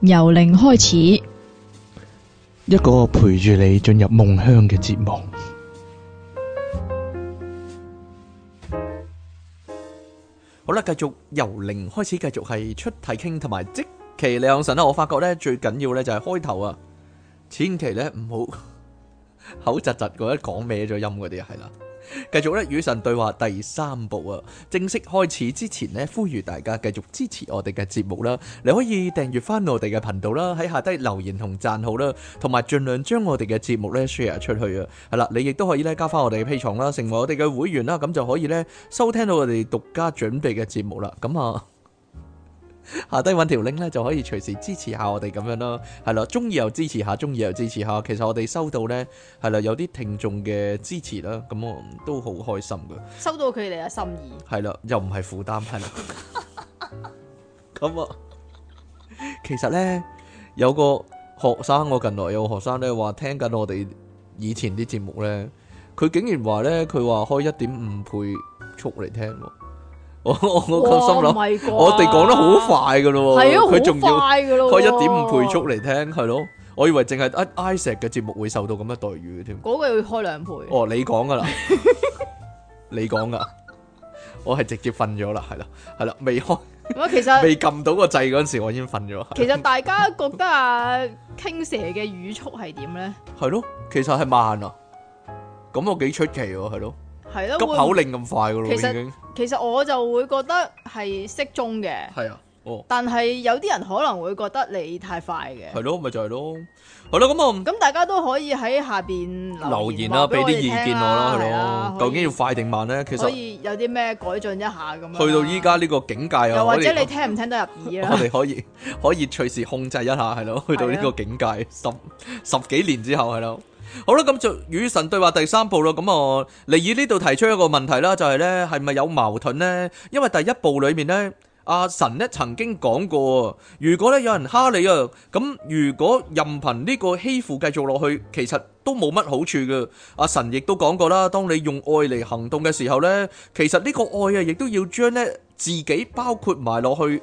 由零開始，一個陪住你進入夢鄉嘅節目。好啦，繼續由零開始，繼續係出題傾同埋即其兩神啦。我發覺咧最緊要咧就係開頭啊，千祈咧唔好口窒窒，嗰啲講歪咗音嗰啲係啦。繼續咧與神對話第三部啊，正式開始之前呢，呼籲大家繼續支持我哋嘅節目啦。你可以訂閱翻我哋嘅頻道啦，喺下低留言同讚好啦，同埋盡量將我哋嘅節目咧 share 出去啊。係啦，你亦都可以咧加翻我哋嘅 Patreon 啦，成為我哋嘅會員啦，咁就可以咧收聽到我哋獨家準備嘅節目啦。咁啊。下低揾條 link 咧，就可以隨時支持下我哋咁樣咯。係啦，中意又支持下，中意又支持下。其實我哋收到咧，係啦，有啲聽眾嘅支持啦，咁我都好開心噶。收到佢哋嘅心意，係啦，又唔係負擔，係啦。咁 啊，其實咧有個學生，我近來有個學生咧話聽緊我哋以前啲節目咧，佢竟然話咧，佢話開一點五倍速嚟聽。我我我咁心諗，我哋講得好快噶咯，佢仲要開一點五倍速嚟聽，係咯？我以為淨係 Isaac 嘅節目會受到咁嘅待遇嘅添。嗰個要開兩倍。哦，你講噶啦，你講噶，我係直接瞓咗啦，係啦，係啦，未開。唔係，其實未撳到個掣嗰陣時，我已經瞓咗。其實大家覺得啊，傾蛇嘅語速係點咧？係咯，其實係慢啊，咁我幾出奇喎，係咯。係咯，急口令咁快噶咯，已經。其實我就會覺得係適中嘅。係啊，哦。但係有啲人可能會覺得你太快嘅。係咯，咪就係咯。係咯，咁啊，咁大家都可以喺下邊留言啊，俾啲意見我啦，係咯。究竟要快定慢咧？其實可以有啲咩改進一下咁樣。去到依家呢個境界啊，又或者你聽唔聽得入耳？我哋可以可以隨時控制一下，係咯。去到呢個境界，十十幾年之後，係咯。好啦，咁就與神對話第三部咯。咁啊，嚟以呢度提出一個問題啦，就係咧，係咪有矛盾呢？因為第一部裏面咧，阿神咧曾經講過，如果咧有人蝦你啊，咁如果任憑呢個欺負繼續落去，其實都冇乜好處嘅。阿神亦都講過啦，當你用愛嚟行動嘅時候咧，其實呢個愛啊，亦都要將咧自己包括埋落去。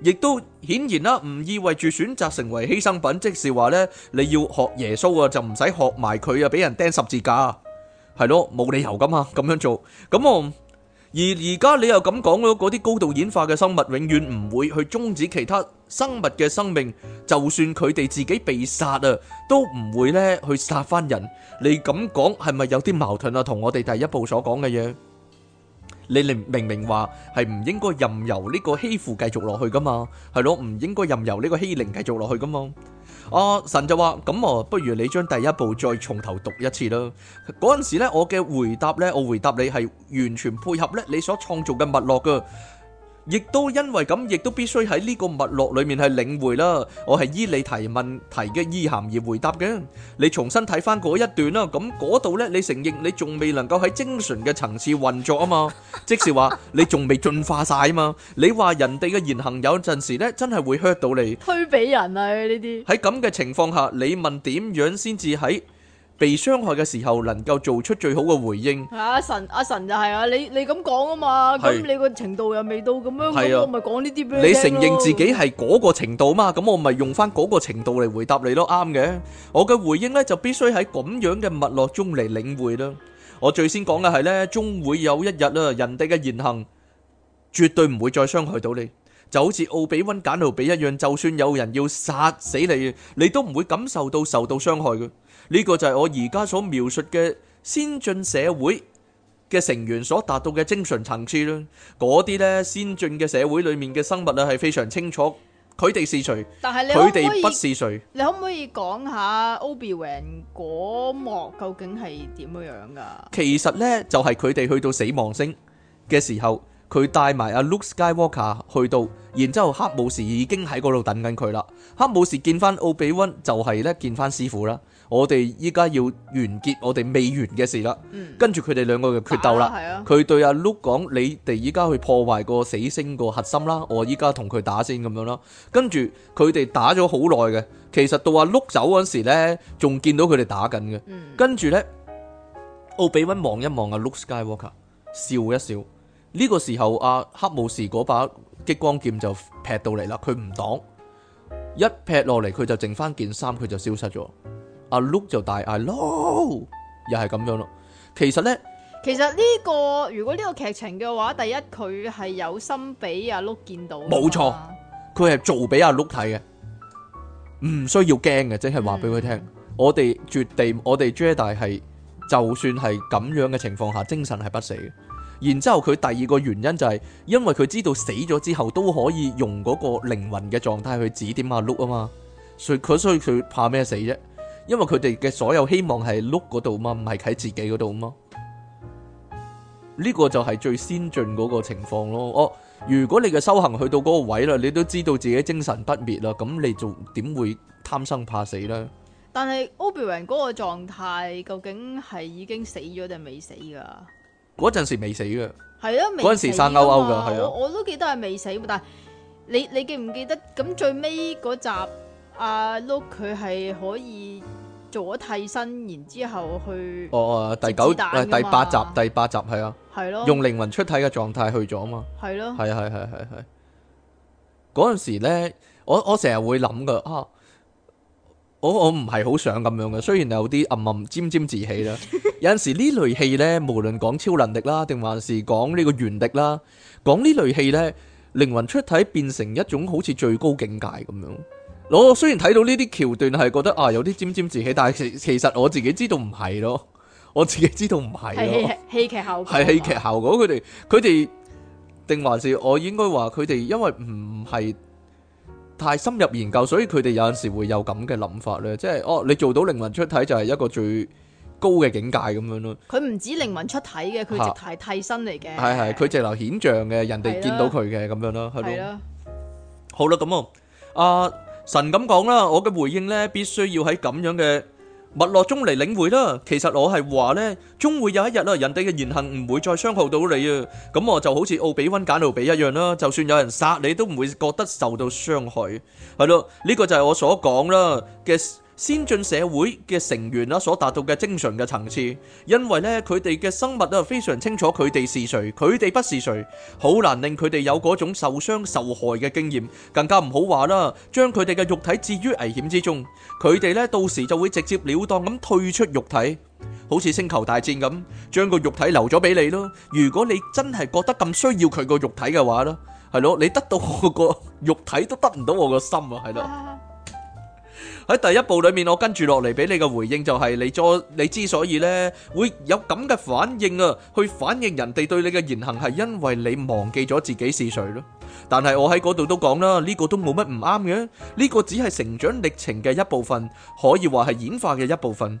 亦都顯然啦，唔意味住選擇成為犧牲品，即是話咧，你要學耶穌啊，就唔使學埋佢啊，俾人釘十字架，係咯，冇理由噶嘛，咁樣做，咁我而而家你又咁講咯，嗰啲高度演化嘅生物永遠唔會去終止其他生物嘅生命，就算佢哋自己被殺啊，都唔會咧去殺翻人。你咁講係咪有啲矛盾啊？同我哋第一步所講嘅嘢？你明明明話係唔應該任由呢個欺負繼續落去噶嘛？係咯，唔應該任由呢個欺凌繼續落去噶嘛？阿、啊、神就話：咁啊，不如你將第一步再從頭讀一次啦。嗰陣時呢，我嘅回答呢，我回答你係完全配合呢你所創造嘅脈絡嘅。亦都因為咁，亦都必須喺呢個脈絡裏面去領會啦。我係依你提問題嘅意涵，而回答嘅。你重新睇翻嗰一段啦。咁嗰度呢，你承認你仲未能夠喺精神嘅層次運作啊嘛？即是話你仲未進化晒啊嘛？你話人哋嘅言行有陣時呢，真係會 hurt 到你。推俾人啊，呢啲喺咁嘅情況下，你問點樣先至喺？被傷害嘅時候，能夠做出最好嘅回應。係啊，神，阿神就係啊，你你咁講啊嘛，咁你個程度又未到咁樣，咁我咪講呢啲咩？你承認自己係嗰個程度嘛？咁我咪用翻嗰個程度嚟回答你咯，啱嘅。我嘅回應咧就必須喺咁樣嘅脈絡中嚟領會啦。我最先講嘅係咧，終會有一日啦，人哋嘅言行絕對唔會再傷害到你，就好似奧比溫簡奴比一樣，就算有人要殺死你，你都唔會感受到受到傷害嘅。呢個就係我而家所描述嘅先進社會嘅成員所達到嘅精神層次啦。嗰啲咧，先進嘅社會裏面嘅生物咧，係非常清楚佢哋是誰，但係佢哋不是誰。你可唔可以講下 Obi Wan 嗰幕究竟係點樣樣噶？其實咧就係佢哋去到死亡星嘅時候，佢帶埋阿 Luke Skywalker 去到，然之後黑武士已經喺嗰度等緊佢啦。黑武士見翻奧比溫就係咧見翻師傅啦。我哋依家要完結我哋未完嘅事啦，嗯、跟住佢哋兩個嘅決鬥啦。佢、啊啊、對阿碌 u 講，你哋依家去破壞個死星個核心啦，我依家同佢打先咁樣咯。跟住佢哋打咗好耐嘅，其實到阿碌走嗰時呢，仲見到佢哋打緊嘅。嗯、跟住呢，奧比翁望一望阿碌 Skywalker，笑一笑。呢、這個時候阿黑武士嗰把激光劍就劈到嚟啦，佢唔擋，一劈落嚟佢就剩翻件衫，佢就消失咗。阿碌就大嗌「碌！」又係咁樣咯。其實咧，其實呢其實、這個如果呢個劇情嘅話，第一佢係有心俾阿碌見到，冇錯，佢係、啊、做俾阿碌睇嘅，唔需要驚嘅，即係話俾佢聽，嗯、我哋絕地，我哋 Jedi 係就算係咁樣嘅情況下，精神係不死嘅。然之後佢第二個原因就係、是、因為佢知道死咗之後都可以用嗰個靈魂嘅狀態去指點阿碌啊嘛，所佢所以佢怕咩死啫？因為佢哋嘅所有希望係碌嗰度嘛，唔係喺自己嗰度嘛。呢、這個就係最先進嗰個情況咯。我、哦、如果你嘅修行去到嗰個位啦，你都知道自己精神不滅啦，咁你就點會貪生怕死咧？但係 Obi-Wan 嗰個狀態究竟係已經死咗定未死噶？嗰陣時未死嘅，係啊，嗰陣時生勾勾噶，係啊、呃，我都記得係未死，但係你你記唔記得咁最尾嗰集阿 Luke 佢係可以？做咗替身，然之後去哦，第九誒，第八集，第八集係啊，啊用靈魂出體嘅狀態去咗嘛，係咯、啊，係係係嗰陣時咧，我我成日會諗噶，啊，我我唔係好想咁樣嘅，雖然有啲暗暗沾沾，沾自喜啦， 有陣時呢類戲呢，無論講超能力啦，定還是講呢個原力啦，講呢類戲呢，靈魂出體變成一種好似最高境界咁樣。我雖然睇到呢啲橋段係覺得啊有啲沾沾自喜，但係其其實我自己知道唔係咯，我自己知道唔係咯，係戲劇效果，係戲劇效果，佢哋佢哋定還是我應該話，佢哋因為唔係太深入研究，所以佢哋有陣時會有咁嘅諗法咧。即係哦，你做到靈魂出體就係一個最高嘅境界咁樣咯。佢唔止靈魂出體嘅，佢直係替身嚟嘅，係係佢直流顯象嘅，人哋見到佢嘅咁樣咯，係咯。好啦，咁啊，啊。神咁講啦，我嘅回應咧必須要喺咁樣嘅脈絡中嚟領會啦。其實我係話咧，終會有一日啦，人哋嘅言行唔會再傷害到你啊。咁我就好似奧比溫簡奴比一樣啦，就算有人殺你，都唔會覺得受到傷害。係咯，呢個就係我所講啦。嘅先進社會嘅成員啦，所達到嘅精神嘅層次，因為咧佢哋嘅生物啦非常清楚佢哋是誰，佢哋不是誰，好難令佢哋有嗰種受傷受害嘅經驗，更加唔好話啦，將佢哋嘅肉體置於危險之中，佢哋咧到時就會直接了當咁退出肉體，好似星球大戰咁，將個肉體留咗俾你咯，如果你真係覺得咁需要佢個肉體嘅話咯，係咯，你得到我個肉體都得唔到我個心啊，係咯。喺第一部裏面，我跟住落嚟俾你嘅回應就係、是，你做你之所以呢會有咁嘅反應啊，去反映人哋對你嘅言行係因為你忘記咗自己是誰咯。但係我喺嗰度都講啦，呢、這個都冇乜唔啱嘅，呢、這個只係成長歷程嘅一部分，可以話係演化嘅一部分。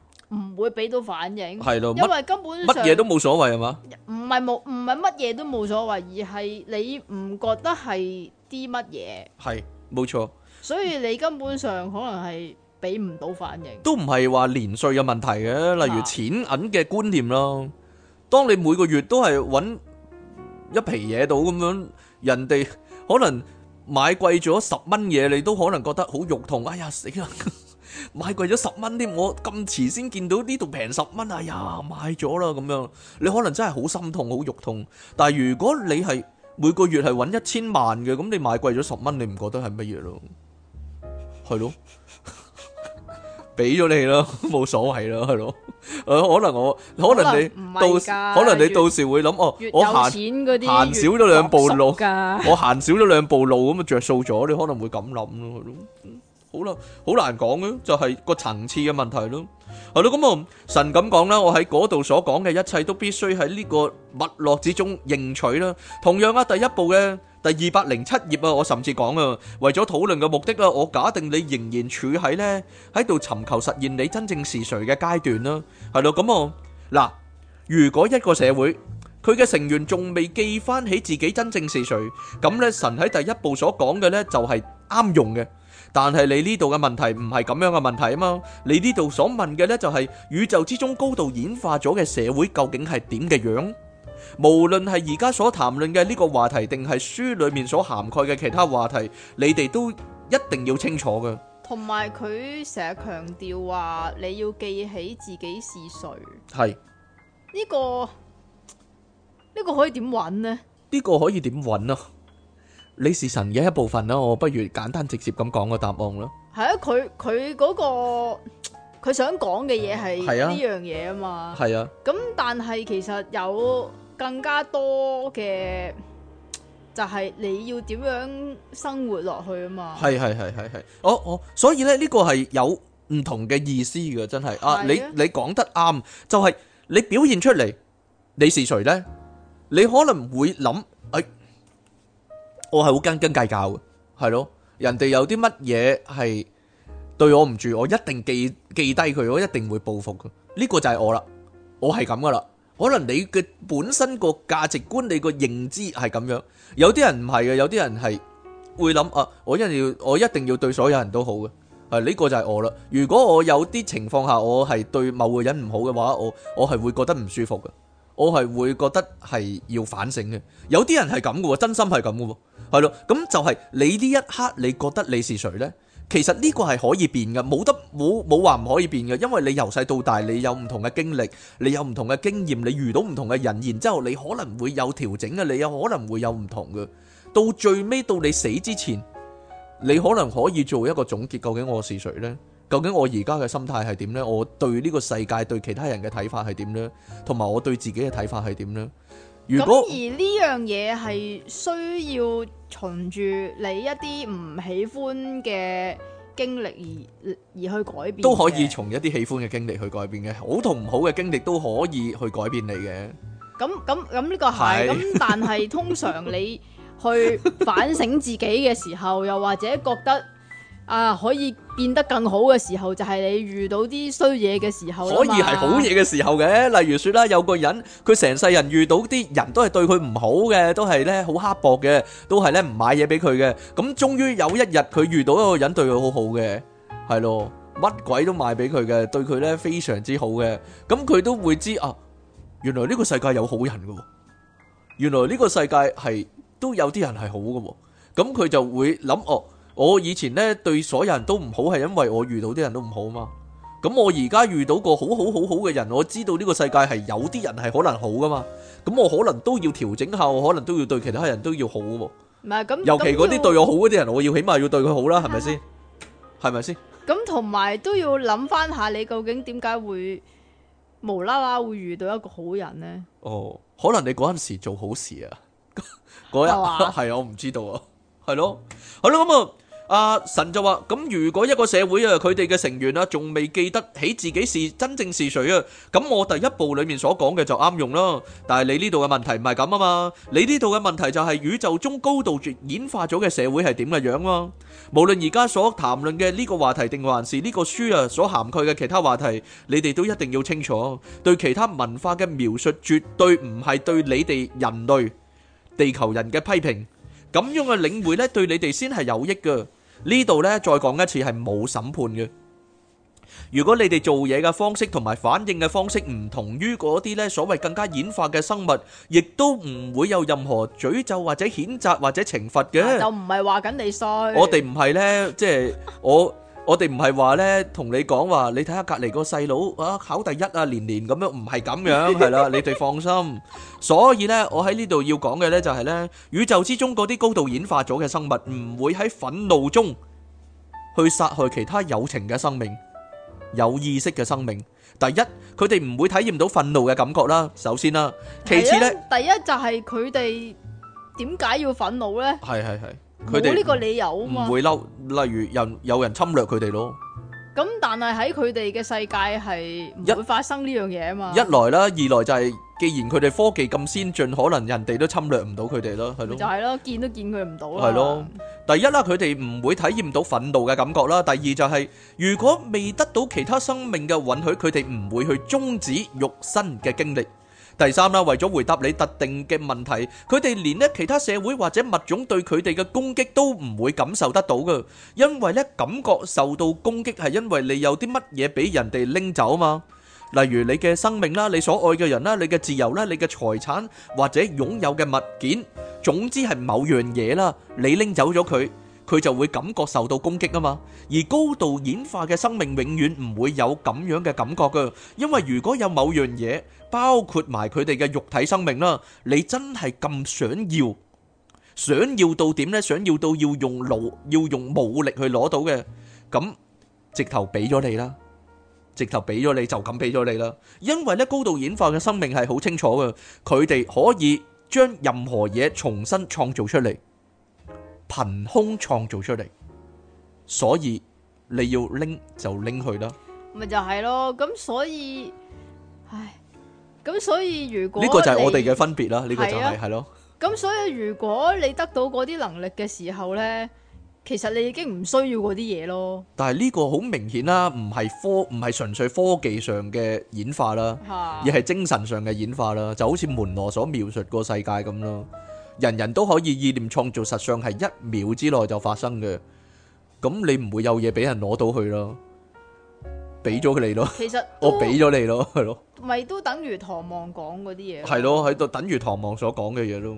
唔會俾到反應，係咯，因為根本乜嘢都冇所謂係嘛？唔係冇，唔係乜嘢都冇所謂，而係你唔覺得係啲乜嘢。係，冇錯。所以你根本上可能係俾唔到反應。都唔係話年歲嘅問題嘅，例如錢銀嘅觀念咯。當你每個月都係揾一皮嘢到咁樣，人哋可能買貴咗十蚊嘢，你都可能覺得好肉痛。哎呀，死啦！買貴咗十蚊添，我咁遲先見到呢度平十蚊啊，呀，買咗啦咁樣，你可能真係好心痛，好肉痛。但係如果你係每個月係搵一千萬嘅，咁你買貴咗十蚊，你唔覺得係乜嘢咯。係咯，俾咗你咯，冇所謂咯，係咯。誒，可能我，可能你到，可能你到時會諗哦，我行，行少咗兩步路，我行少咗兩步路，咁啊，着數咗，你可能會咁諗咯。係咯。好啦，好難講咯，就係個層次嘅問題咯，係咯。咁啊，神咁講啦，我喺嗰度所講嘅一切都必須喺呢個脈絡之中認取啦。同樣啊，第一部嘅第二百零七頁啊，我甚至講啊，為咗討論嘅目的啊，我假定你仍然處喺呢喺度尋求實現你真正是誰嘅階段啦，係咯咁啊，嗱，如果一個社會佢嘅成員仲未記翻起自己真正是誰，咁呢神喺第一部所講嘅呢就係啱用嘅。但係你呢度嘅問題唔係咁樣嘅問題啊嘛，你呢度所問嘅呢就係宇宙之中高度演化咗嘅社會究竟係點嘅樣？無論係而家所談論嘅呢個話題，定係書裏面所涵蓋嘅其他話題，你哋都一定要清楚嘅。同埋佢成日強調話，你要記起自己是誰。係呢個呢個可以點揾呢？呢個可以點揾啊？你是神嘅一部分啦，我不如簡單直接咁講個答案咯。係啊，佢佢嗰個佢想講嘅嘢係呢樣嘢啊嘛，係啊。咁但係其實有更加多嘅，就係你要點樣生活落去啊嘛。係係係係係，哦哦，所以咧呢個係有唔同嘅意思嘅，真係啊！你你講得啱，就係你表現出嚟，你是誰咧，你可能會諗誒。我係好斤斤計較嘅，係咯，人哋有啲乜嘢係對我唔住，我一定記記低佢，我一定會報復嘅。呢個就係我啦，我係咁噶啦。可能你嘅本身個價值觀，你個認知係咁樣。有啲人唔係嘅，有啲人係會諗啊，我一定要，我一定要對所有人都好嘅。啊，呢個就係我啦。如果我有啲情況下，我係對某個人唔好嘅話，我我係會覺得唔舒服嘅。我係會覺得係要反省嘅，有啲人係咁嘅喎，真心係咁嘅喎，係咯，咁就係你呢一刻你覺得你是誰呢？其實呢個係可以變嘅，冇得冇冇話唔可以變嘅，因為你由細到大你有唔同嘅經歷，你有唔同嘅經驗，你遇到唔同嘅人，然之後你可能會有調整嘅，你有可能會有唔同嘅，到最尾到你死之前，你可能可以做一個總結，究竟我是誰呢？究竟我而家嘅心態係點咧？我對呢個世界、對其他人嘅睇法係點咧？同埋我對自己嘅睇法係點咧？如果而呢樣嘢係需要從住你一啲唔喜歡嘅經歷而而去改變，都可以從一啲喜歡嘅經歷去改變嘅，好同唔好嘅經歷都可以去改變你嘅。咁咁咁呢個係咁，但係通常你去反省自己嘅時候，又或者覺得。啊！可以變得更好嘅時候，就係你遇到啲衰嘢嘅時候啦嘛。可以係好嘢嘅時候嘅，例如説啦，有個人佢成世人遇到啲人都係對佢唔好嘅，都係咧好刻薄嘅，都係咧唔買嘢俾佢嘅。咁終於有一日佢遇到一個人對佢好好嘅，係咯，乜鬼都買俾佢嘅，對佢咧非常之好嘅。咁佢都會知啊，原來呢個世界有好人嘅喎，原來呢個世界係都有啲人係好嘅喎。咁佢就會諗哦。我以前咧對所有人都唔好，係因為我遇到啲人都唔好啊嘛。咁我而家遇到個好好好好嘅人，我知道呢個世界係有啲人係可能好噶嘛。咁我可能都要調整下，我可能都要對其他人都要好喎。唔係咁，尤其嗰啲對我好嗰啲人，嗯、我要起碼要對佢好啦，係咪先？係咪先？咁同埋都要諗翻下，你究竟點解會無啦啦會遇到一個好人呢？哦、嗯，可能你嗰陣時做好事啊，嗰日係我唔知道啊，係、嗯、咯，係咯咁啊。嗯嗯嗯啊！神就話咁，如果一個社會啊，佢哋嘅成員啊，仲未記得起自己是真正是誰啊？咁我第一步裏面所講嘅就啱用咯。但係你呢度嘅問題唔係咁啊嘛，你呢度嘅問題就係宇宙中高度演化咗嘅社會係點嘅樣咯。無論而家所談論嘅呢個話題定還是呢個書啊所涵蓋嘅其他話題，你哋都一定要清楚。對其他文化嘅描述絕對唔係對你哋人類、地球人嘅批評。咁樣嘅領會呢，對你哋先係有益噶。呢度呢，再講一次，係冇審判嘅。如果你哋做嘢嘅方式同埋反應嘅方式唔同於嗰啲呢，所謂更加演化嘅生物，亦都唔會有任何詛咒或者譴責或者懲罰嘅。就唔係話緊你衰。我哋唔係呢，即係我。我哋唔係話呢，同你講話，你睇下隔籬個細佬啊，考第一啊，年年咁樣，唔係咁樣，係啦，你哋放心。所以呢，我喺呢度要講嘅呢就係呢，宇宙之中嗰啲高度演化咗嘅生物，唔會喺憤怒中去殺害其他有情嘅生命、有意識嘅生命。第一，佢哋唔會體驗到憤怒嘅感覺啦。首先啦，其次呢，第一就係佢哋點解要憤怒呢？係係係。佢冇呢個理由啊嘛，唔會嬲。例如人有人侵略佢哋咯，咁但係喺佢哋嘅世界係唔會發生呢樣嘢啊嘛。一來啦，二來就係既然佢哋科技咁先進，可能人哋都侵略唔到佢哋咯，係咯？就係咯，見都見佢唔到啦。係咯，第一啦，佢哋唔會體驗到憤怒嘅感覺啦。第二就係如果未得到其他生命嘅允許，佢哋唔會去終止肉身嘅經歷。第三啦，為咗回答你特定嘅問題，佢哋連呢其他社會或者物種對佢哋嘅攻擊都唔會感受得到嘅，因為呢感覺受到攻擊係因為你有啲乜嘢俾人哋拎走啊嘛，例如你嘅生命啦、你所愛嘅人啦、你嘅自由啦、你嘅財產或者擁有嘅物件，總之係某樣嘢啦，你拎走咗佢。佢就會感覺受到攻擊啊嘛，而高度演化嘅生命永遠唔會有咁樣嘅感覺噶，因為如果有某樣嘢，包括埋佢哋嘅肉體生命啦，你真係咁想要，想要到點呢？想要到要用武要用武力去攞到嘅，咁直頭俾咗你啦，直頭俾咗你就咁俾咗你啦，因為呢高度演化嘅生命係好清楚嘅，佢哋可以將任何嘢重新創造出嚟。憑空創造出嚟，所以你要拎就拎去啦。咪就係咯，咁所以，唉，咁所以如果呢個就係我哋嘅分別啦，呢個就係係咯。咁所以如果你得到嗰啲能力嘅時候呢，其實你已經唔需要嗰啲嘢咯。但係呢個好明顯啦，唔係科，唔係純粹科技上嘅演化啦，而係精神上嘅演化啦，就好似門羅所描述個世界咁咯。人人都可以意念創造實相，係一秒之內就發生嘅。咁你唔會有嘢俾人攞到去咯，俾咗你咯。其實我俾咗你咯，係咯。咪都等於唐望講嗰啲嘢。係咯，喺度等於唐望所講嘅嘢咯，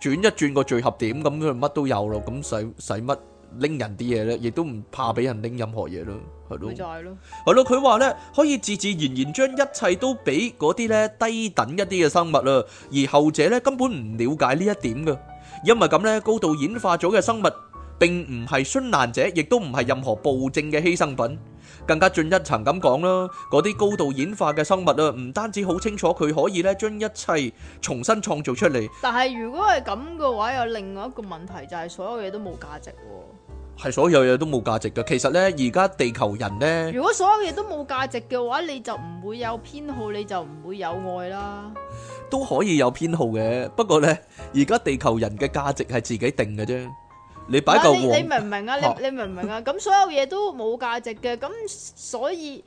轉一轉個聚合點，咁佢乜都有咯。咁使使乜拎人啲嘢咧？亦都唔怕俾人拎任何嘢咯。係咯，係咯，佢話咧可以自自然然將一切都俾嗰啲咧低等一啲嘅生物啦，而後者咧根本唔了解呢一點噶，因為咁咧高度演化咗嘅生物並唔係殉難者，亦都唔係任何暴政嘅犧牲品。更加進一層咁講啦，嗰啲高度演化嘅生物啦，唔單止好清楚佢可以咧將一切重新創造出嚟，但係如果係咁嘅話，有另外一個問題就係所有嘢都冇價值。係所有嘢都冇價值嘅，其實呢，而家地球人呢，如果所有嘢都冇價值嘅話，你就唔會有偏好，你就唔會有愛啦。都可以有偏好嘅，不過呢，而家地球人嘅價值係自己定嘅啫。你擺嚿，你明唔明啊？你你明唔明啊？咁 所有嘢都冇價值嘅，咁所以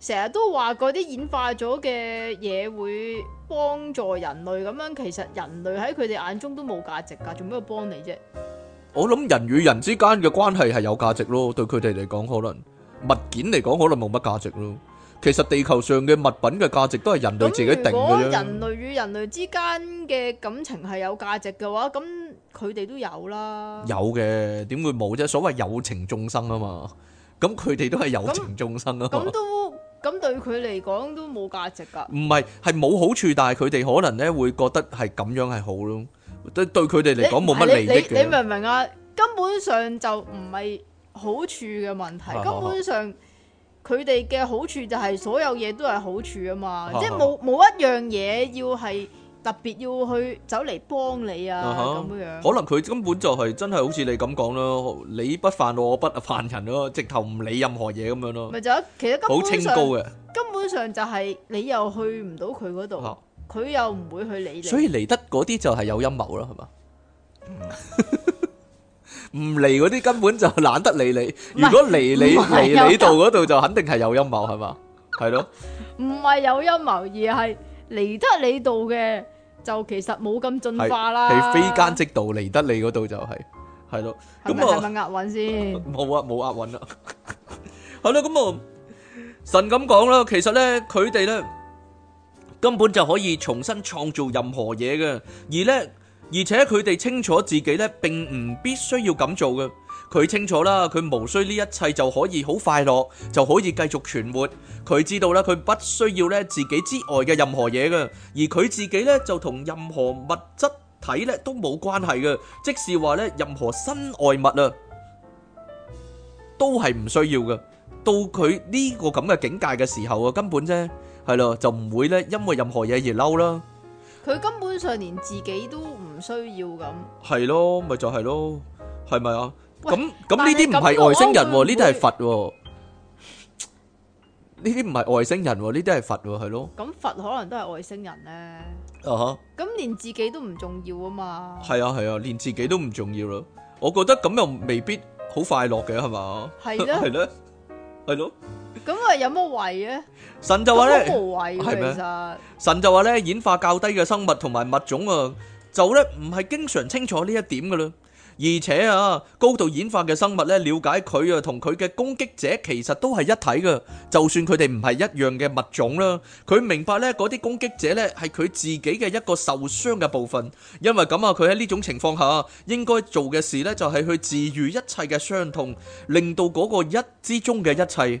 成日都話嗰啲演化咗嘅嘢會幫助人類，咁樣其實人類喺佢哋眼中都冇價值噶，做咩要幫你啫？我諗人與人之間嘅關係係有價值咯，對佢哋嚟講，可能物件嚟講可能冇乜價值咯。其實地球上嘅物品嘅價值都係人類自己定嘅。咁如果人類與人類之間嘅感情係有價值嘅話，咁佢哋都有啦。有嘅，點會冇啫？所謂有情眾生啊嘛，咁佢哋都係有情眾生啊。咁都咁對佢嚟講都冇價值㗎。唔係，係冇好處，但係佢哋可能咧會覺得係咁樣係好咯。對佢哋嚟講冇乜利，你明唔明啊？根本上就唔係好處嘅問題，根本上佢哋嘅好處就係所有嘢都係好處啊嘛，即係冇冇一樣嘢要係特別要去走嚟幫你啊咁樣。可能佢根本就係真係好似你咁講咯，你不犯我，我不犯人咯，直頭唔理任何嘢咁樣咯。咪就係，其實根本好清高嘅，根本上就係你又去唔到佢嗰度。佢又唔會去理你，所以嚟得嗰啲就係有陰謀啦，係嘛？唔嚟嗰啲根本就懶得理你。如果嚟你嚟你度嗰度就肯定係有陰謀，係嘛？係咯？唔係有陰謀，而係嚟得你度嘅就其實冇咁進化啦。係非奸即盜嚟得你嗰度就係，係咯。咁啊，押韻先，冇啊，冇押韻啦。係咯，咁啊，神咁講啦，其實咧佢哋咧。根本就可以重新創造任何嘢嘅，而咧，而且佢哋清楚自己咧，並唔必須要咁做嘅。佢清楚啦，佢無需呢一切就可以好快樂，就可以繼續存活。佢知道啦，佢不需要咧自己之外嘅任何嘢嘅，而佢自己咧就同任何物質體咧都冇關係嘅，即是話咧任何身外物啊，都係唔需要嘅。到佢呢個咁嘅境界嘅時候啊，根本啫。係咯，就唔會咧，因為任何嘢而嬲啦。佢根本上連自己都唔需要咁。係咯，咪就係咯，係咪啊？咁咁呢啲唔係外星人，呢啲係佛。呢啲唔係外星人，呢啲係佛，係咯。咁佛可能都係外星人咧。啊哈！咁連自己都唔重要啊嘛。係啊，係啊，連自己都唔重要咯。我覺得咁又未必好快樂嘅，係嘛？係啦，係咧，係咯。咁，係有乜位呢？神就話呢，冇位。其實神就話呢，演化較低嘅生物同埋物種㗎，就呢，唔係經常清楚呢一點㗎嘍。而且，高度演化嘅生物呢，了解佢㗎，同佢嘅攻擊者其實都係一體㗎，就算佢哋唔係一樣嘅物種啦，佢明白呢，嗰啲攻擊者呢，係佢自己嘅一個受傷嘅部分。因為咁啊，佢喺呢種情況下，應該做嘅事呢，就係去治癒一切嘅傷痛，令到嗰個一之中嘅一切。inate lost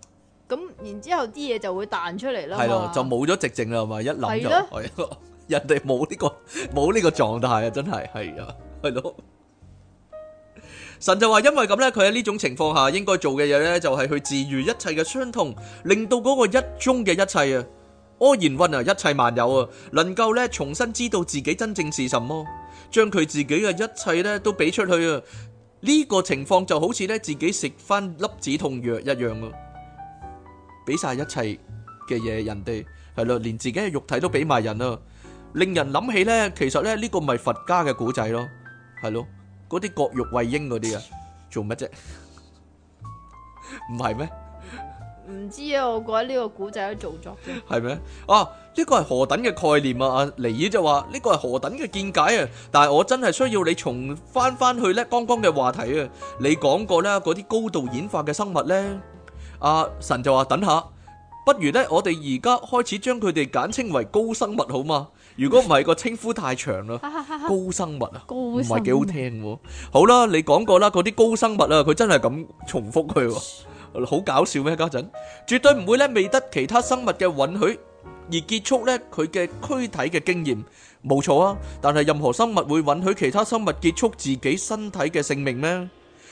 咁然之後啲嘢就會彈出嚟啦，係咯，就冇咗寂靜啦，係咪？一諗就係咯，人哋冇呢個冇呢個狀態啊，真係係啊，係咯。神就話因為咁咧，佢喺呢種情況下應該做嘅嘢咧，就係去治愈一切嘅傷痛，令到嗰個一中嘅一切啊，安然温啊，一切萬有啊，能夠咧重新知道自己真正是什麼，將佢自己嘅一切咧都俾出去啊。呢個情況就好似咧自己食翻粒止痛藥一樣啊。俾晒一切嘅嘢，人哋係咯，連自己嘅肉體都俾埋人啦，令人諗起咧。其實咧，呢個咪佛家嘅古仔咯，係咯，嗰啲割肉餵鷹嗰啲啊，做乜啫？唔係咩？唔知啊，我覺得呢個古仔都做作嘅。係咩？啊，呢個係何等嘅概念啊！阿尼姨就話呢個係何等嘅見解啊！但係我真係需要你重翻翻去咧，剛剛嘅話題啊，你講過啦，嗰啲高度演化嘅生物咧。阿，神就話等下，不如呢，我哋而家開始將佢哋簡稱為高生物好嘛？如果唔係個稱呼太長啦，高生物，高生物，唔係幾好聽喎。好啦，你講過啦，嗰啲高生物，佢真係咁重複佢喎，好搞笑咩，家陣。絕對唔會呢，未得其他生物嘅允許，而結束呢，佢嘅軀體嘅經驗，冇錯啊，但係任何生物會允許其他生物結束自己身體嘅性命咩？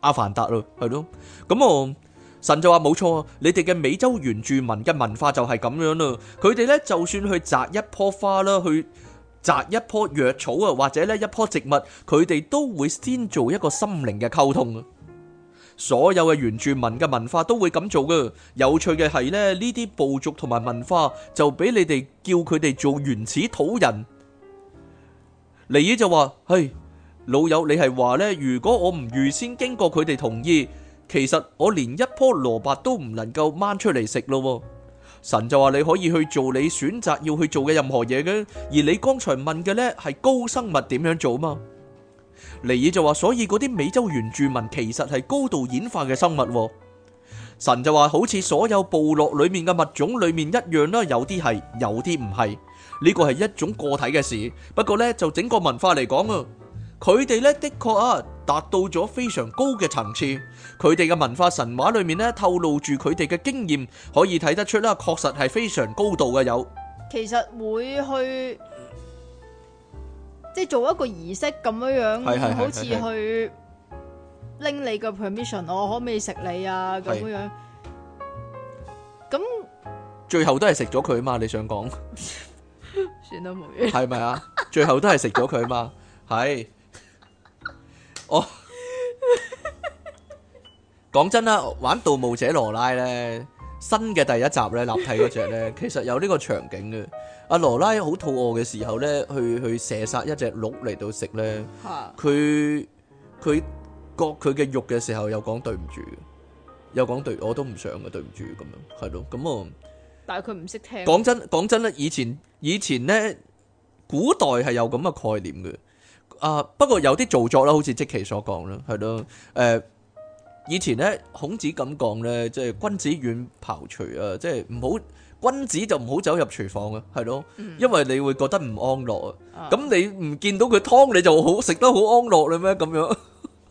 阿凡達咯，係咯，咁、嗯、我神就話冇錯，你哋嘅美洲原住民嘅文化就係咁樣啦。佢哋呢，就算去摘一棵花啦，去摘一棵藥草啊，或者呢一棵植物，佢哋都會先做一個心靈嘅溝通。所有嘅原住民嘅文化都會咁做噶。有趣嘅係咧，呢啲部族同埋文化就俾你哋叫佢哋做原始土人。尼爾就話，嘿。老友，你係話呢？如果我唔預先經過佢哋同意，其實我連一棵蘿卜都唔能夠掹出嚟食咯。神就話你可以去做你選擇要去做嘅任何嘢嘅，而你剛才問嘅呢係高生物點樣做嘛。尼爾就話，所以嗰啲美洲原住民其實係高度演化嘅生物。神就話，好似所有部落裏面嘅物種裏面一樣啦，有啲係，有啲唔係。呢個係一種個體嘅事，不過呢，就整個文化嚟講啊。佢哋咧的確啊達到咗非常高嘅層次，佢哋嘅文化神話裏面咧透露住佢哋嘅經驗，可以睇得出咧確實係非常高度嘅有。其實會去即係做一個儀式咁樣樣，是是是是是好似去拎你個 permission，我可唔可以食你啊？咁樣是樣咁最後都係食咗佢啊嘛！你想講， 算啦冇嘢，係咪啊？最後都係食咗佢啊嘛，係。 哦，講 真啦，玩《盜墓者羅拉》咧，新嘅第一集咧，立體嗰隻咧，其實有呢個場景嘅。阿羅拉好肚餓嘅時候咧，去去射殺一隻鹿嚟到食咧。係。佢佢割佢嘅肉嘅時候，的的時候又講對唔住，又講對我都唔想嘅，對唔住咁樣，係咯，咁我。但係佢唔識聽。講真，講真啦，以前以前咧，古代係有咁嘅概念嘅。啊，不過有啲做作啦，好似即奇所講啦，係咯，誒、呃，以前咧孔子咁講咧，即係君子遠庖廚啊，即係唔好君子就唔好走入廚房啊，係咯，因為你會覺得唔安樂啊，咁、嗯、你唔見到佢湯，你就好食得好安樂咧咩？咁樣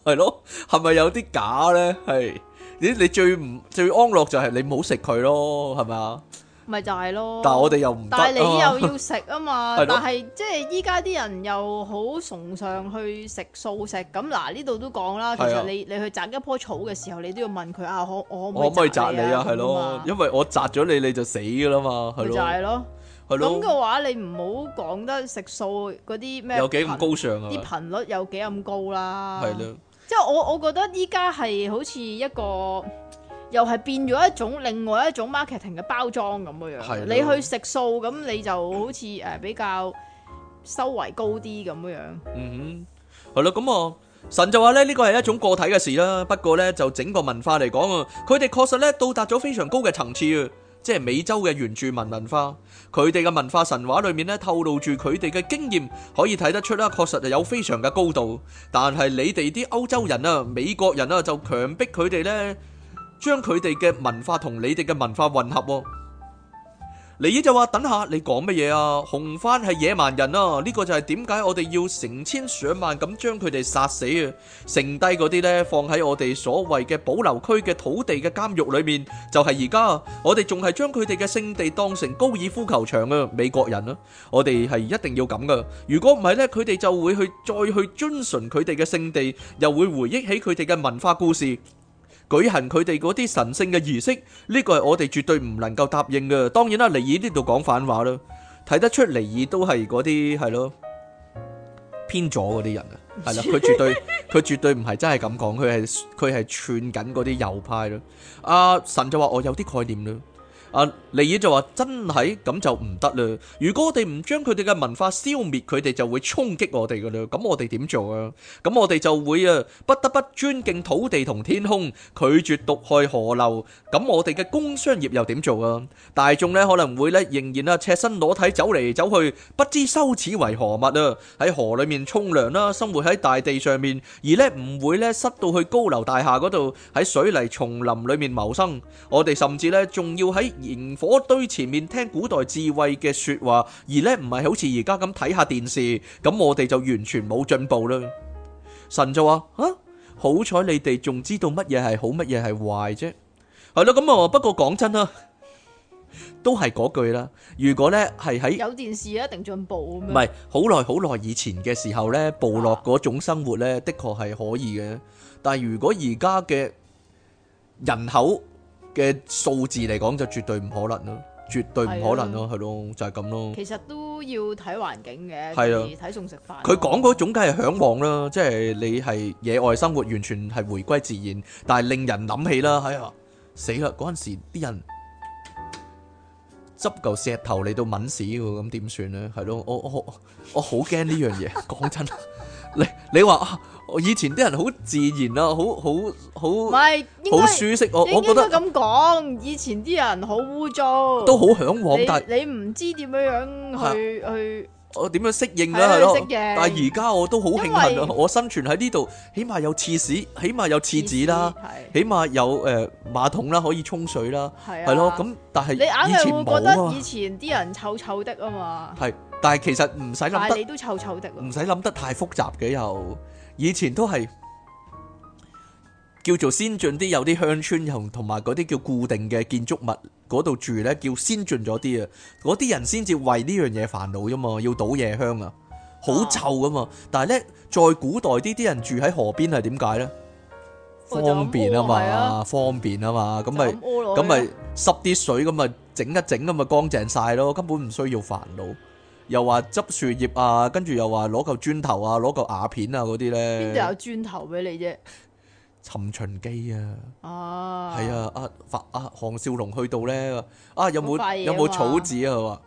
係咯，係咪有啲假咧？係，你，你最唔最安樂就係你唔好食佢咯，係咪啊？咪就係咯，但係我哋又唔，但係你又要食啊嘛。 對了 但係即係依家啲人又好崇尚去食素食。咁嗱呢度都講啦，其實你你去摘一棵草嘅時候，你都要問佢啊，我可唔可以摘你啊？係咯了，嘛因為我摘咗你你就死噶啦嘛，係咯。就係咯，係咯。咁嘅話你唔好講得食素嗰啲咩？有幾咁高尚啊？啲頻率有幾咁高啦？係咯對了。即係我我覺得依家係好似一個。又係變咗一種另外一種 marketing 嘅包裝咁嘅樣，的你去食素咁，你就好似誒比較修為高啲咁嘅樣。嗯哼，係、嗯、啦，咁、嗯、啊，神就話咧，呢個係一種個體嘅事啦。不過呢，就整個文化嚟講啊，佢哋確實呢，到達咗非常高嘅層次啊，即係美洲嘅原住民文化，佢哋嘅文化神話裏面呢，透露住佢哋嘅經驗，可以睇得出啦，確實有非常嘅高度。但係你哋啲歐洲人啊、美國人啊，就強迫佢哋呢。將佢哋嘅文化同你哋嘅文化混合。尼爾就話：等下，你講乜嘢啊？紅番係野蠻人啊！呢個就係點解我哋要成千上萬咁將佢哋殺死啊？剩低嗰啲呢，放喺我哋所謂嘅保留區嘅土地嘅監獄裏面，就係而家啊！我哋仲係將佢哋嘅聖地當成高爾夫球場啊！美國人啊，我哋係一定要咁噶。如果唔係呢，佢哋就會去再去遵循佢哋嘅聖地，又會回憶起佢哋嘅文化故事。舉行佢哋嗰啲神聖嘅儀式，呢個係我哋絕對唔能夠答應嘅。當然啦，尼爾呢度講反話啦，睇得出尼爾都係嗰啲係咯偏左嗰啲人啊，係啦，佢絕對佢絕對唔係真係咁講，佢係佢係串緊嗰啲右派咯。啊，神就話我有啲概念咯，啊。利益就話真係咁就唔得啦。如果我哋唔將佢哋嘅文化消滅，佢哋就會衝擊我哋噶啦。咁我哋點做啊？咁我哋就會啊，不得不尊敬土地同天空，拒絕毒害河流。咁我哋嘅工商業又點做啊？大眾呢可能會呢仍然啊赤身裸體走嚟走去，不知羞恥為何物啊！喺河裏面沖涼啦，生活喺大地上面，而呢唔會呢塞到去高樓大廈嗰度喺水泥叢林裏面謀生。我哋甚至呢仲要喺營。我對前面聽古代智慧嘅說話，而咧唔係好似而家咁睇下電視，咁我哋就完全冇進步啦。神就話：吓，好彩你哋仲知道乜嘢係好，乜嘢係壞啫。係咯，咁啊，不過講真啦，都係嗰句啦。如果咧係喺有電視一定進步，唔係好耐好耐以前嘅時候咧，部落嗰種生活咧的確係可以嘅。但係如果而家嘅人口，嘅數字嚟講就絕對唔可能咯，絕對唔可能咯，係咯，就係咁咯。其實都要睇環境嘅，係咯，睇餸食飯。佢講嗰種梗係向往啦，即係你係野外生活，完全係回歸自然，但係令人諗起啦，哎呀，死啦！嗰陣時啲人執嚿石頭嚟到搣屎，咁點算呢？係咯，我我我好驚呢樣嘢，講真，你你話。我以前啲人好自然啊，好好好，唔係，好舒適，應該咁講，以前啲人好污糟，都好向往，但係你唔知點樣樣去去。我點樣適應啦？係咯，適應。但係而家我都好慶幸啊！我生存喺呢度，起碼有廁屎，起碼有廁紙啦，起碼有誒馬桶啦，可以沖水啦，係咯。咁但係你硬係會覺得以前啲人臭臭的啊嘛？係，但係其實唔使諗，你都臭臭的，唔使諗得太複雜嘅又。以前都係叫做先進啲，有啲鄉村同同埋嗰啲叫固定嘅建築物嗰度住呢叫先進咗啲啊！嗰啲人先至為呢樣嘢煩惱啫嘛，要倒夜香啊，好臭噶嘛！但係呢，在古代啲啲人住喺河邊係點解呢？方便啊嘛，方便啊嘛，咁咪咁咪濕啲水，咁咪整一整，咁咪乾淨晒咯，根本唔需要煩惱。又話執樹葉啊，跟住又話攞嚿磚頭啊，攞嚿瓦片啊嗰啲咧。邊度有磚頭俾你啫？尋秦記啊！哦，係啊！阿法阿項少龍去到咧，啊有冇有冇草紙啊？佢話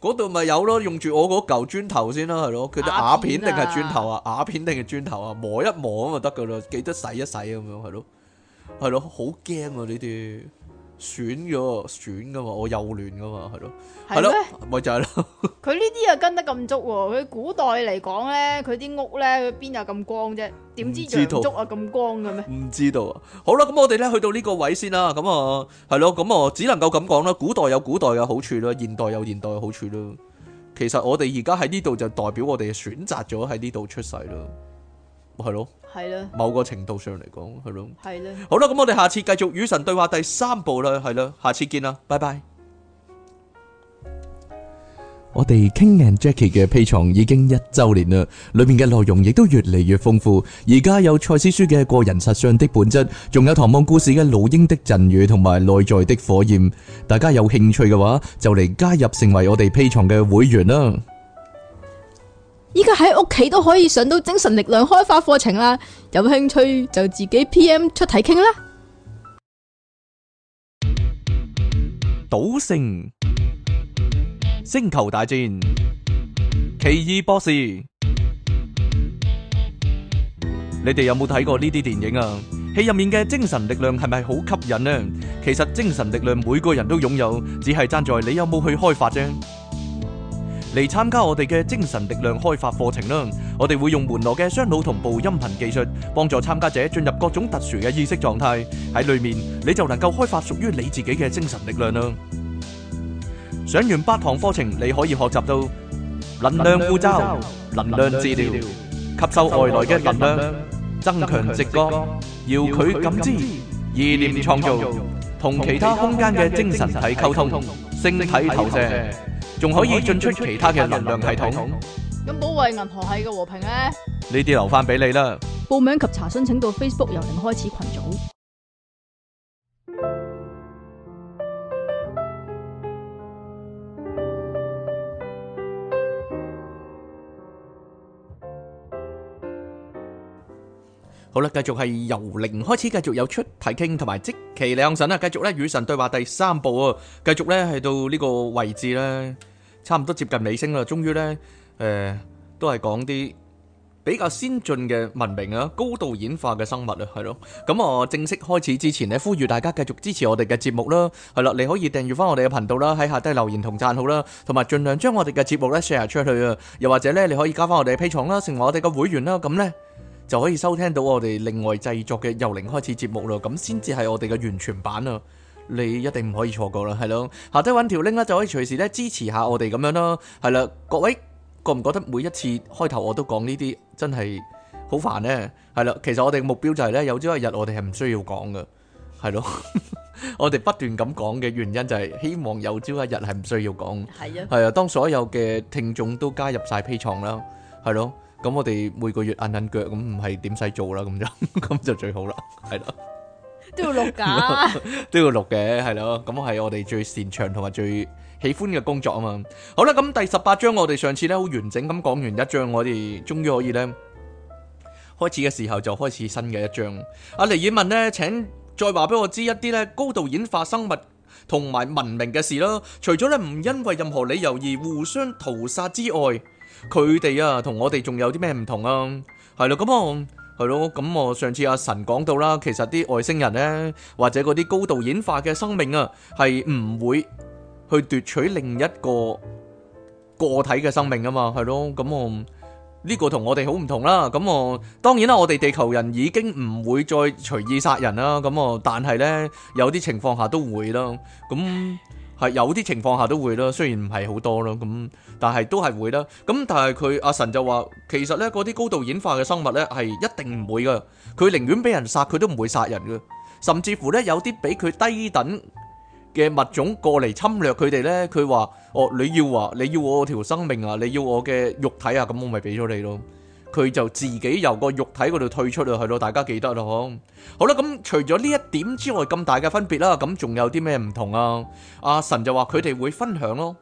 嗰度咪有咯，用住我嗰嚿磚頭先啦、啊，係咯、啊。佢啲瓦片定係磚頭啊？瓦片定係磚頭啊？磨一磨咁就得噶啦，記得洗一洗咁樣係咯，係咯、啊啊啊，好驚啊呢啲。選咗，選噶嘛，我幼嫩噶嘛，係咯，係咯嗎，咪就係咯。佢呢啲又跟得咁足、啊，佢 古代嚟講咧，佢啲屋咧，佢邊有咁光啫、啊？點知又足啊咁光嘅、啊、咩？唔知道啊。 好啦，咁我哋咧去到呢個位先啦。咁啊，係咯，咁啊，只能夠咁講啦。古代有古代嘅好處啦，現代有現代嘅好處咯。其實我哋而家喺呢度就代表我哋選擇咗喺呢度出世咯。係咯，係啦。某個程度上嚟講對了，係咯，係啦。好啦，咁我哋下次繼續與神對話第三部啦，係啦，下次見啦，拜拜。我哋 King and Jackie 嘅 Patreon 已經一周年啦，裏面嘅內容亦都越嚟越豐富。而家有賽斯書嘅個人實相的本質，仲有唐望故事嘅老鷹的贈語同埋內在的火焰。大家有興趣嘅話，就嚟加入成為我哋 Patreon 嘅會員啦。依家喺屋企都可以上到精神力量開發課程啦，有興趣就自己 PM 出題傾啦。賭聖、星球大戰、奇異博士，你哋有冇睇過呢啲電影啊？戲入面嘅精神力量係咪好吸引呢？其實精神力量每個人都擁有，只係爭在你有冇去開發啫。嚟參加我哋嘅精神力量開發課程啦！我哋會用門羅嘅雙腦同步音頻技術，幫助參加者進入各種特殊嘅意識狀態。喺裏面，你就能夠開發屬於你自己嘅精神力量啦！上完八堂課程，你可以學習到能量護罩、能量治療、吸收外來嘅能量、增強直覺、遙距感知、意念創造、同其他空間嘅精神體溝通、星體投射。仲可以進出其他嘅能量系統。咁保衛銀河系嘅和平咧？呢啲留翻俾你啦。報名及查詢請到 Facebook 由零開始群組。好啦，繼續係由零開始，繼續有出題傾，同埋即其兩神啦。繼續咧與神對話第三步啊，繼續咧係到呢個位置啦。差唔多接近尾聲啦，終於咧，誒都係講啲比較先進嘅文明啊，高度演化嘅生物啊，係咯。咁我正式開始之前咧，呼籲大家繼續支持我哋嘅節目啦，係啦，你可以訂閱翻我哋嘅頻道啦，喺下低留言同讚好啦，同埋盡量將我哋嘅節目咧 share 出去啊，又或者咧你可以加翻我哋嘅 Patreon 啦，成為我哋嘅會員啦，咁咧就可以收聽到我哋另外製作嘅由零開始節目啦，咁先至係我哋嘅完全版啊！你一定唔可以錯過啦，係咯，下底揾條 link 啦，就可以隨時咧支持下我哋咁樣咯，係啦，各位覺唔覺得每一次開頭我都講呢啲真係好煩呢？係啦，其實我哋目標就係、是、咧有朝一日我哋係唔需要講嘅，係咯， 我哋不斷咁講嘅原因就係、是、希望有朝一日係唔需要講，係啊的，係啊，當所有嘅聽眾都加入晒 P 創啦，係咯，咁我哋每個月摁摁腳咁唔係點使做啦，咁就咁就最好啦，係啦。都要錄噶， 都要錄嘅，係咯。咁我係我哋最擅長同埋最喜歡嘅工作啊嘛。好啦，咁、嗯、第十八章我哋上次呢好完整咁講完一章，我哋終於可以呢開始嘅時候就開始新嘅一章。阿、啊、黎以文呢，請再話俾我知一啲呢高度演化生物同埋文明嘅事啦。除咗呢唔因為任何理由而互相屠殺之外，佢哋啊同我哋仲有啲咩唔同啊？係啦，咁啊。嗯嗯係咯，咁我上次阿神講到啦，其實啲外星人呢，或者嗰啲高度演化嘅生命啊，係唔會去奪取另一個個體嘅生命啊嘛，係咯，咁我呢、這個同我哋好唔同啦，咁我當然啦，我哋地球人已經唔會再隨意殺人啦，咁我但係呢，有啲情況下都會啦。咁。係有啲情況下都會啦，雖然唔係好多咯，咁但係都係會啦。咁但係佢阿神就話，其實呢嗰啲高度演化嘅生物呢，係一定唔會噶。佢寧願俾人殺，佢都唔會殺人噶。甚至乎呢，有啲比佢低等嘅物種過嚟侵略佢哋呢，佢話：哦，你要啊，你要我條生命啊，你要我嘅肉體啊，咁我咪俾咗你咯。佢就自己由個肉體嗰度退出啦，去，到大家記得咯，好。好啦，咁除咗呢一點之外，咁大嘅分別啦，咁仲有啲咩唔同啊？阿、啊、神就話佢哋會分享咯，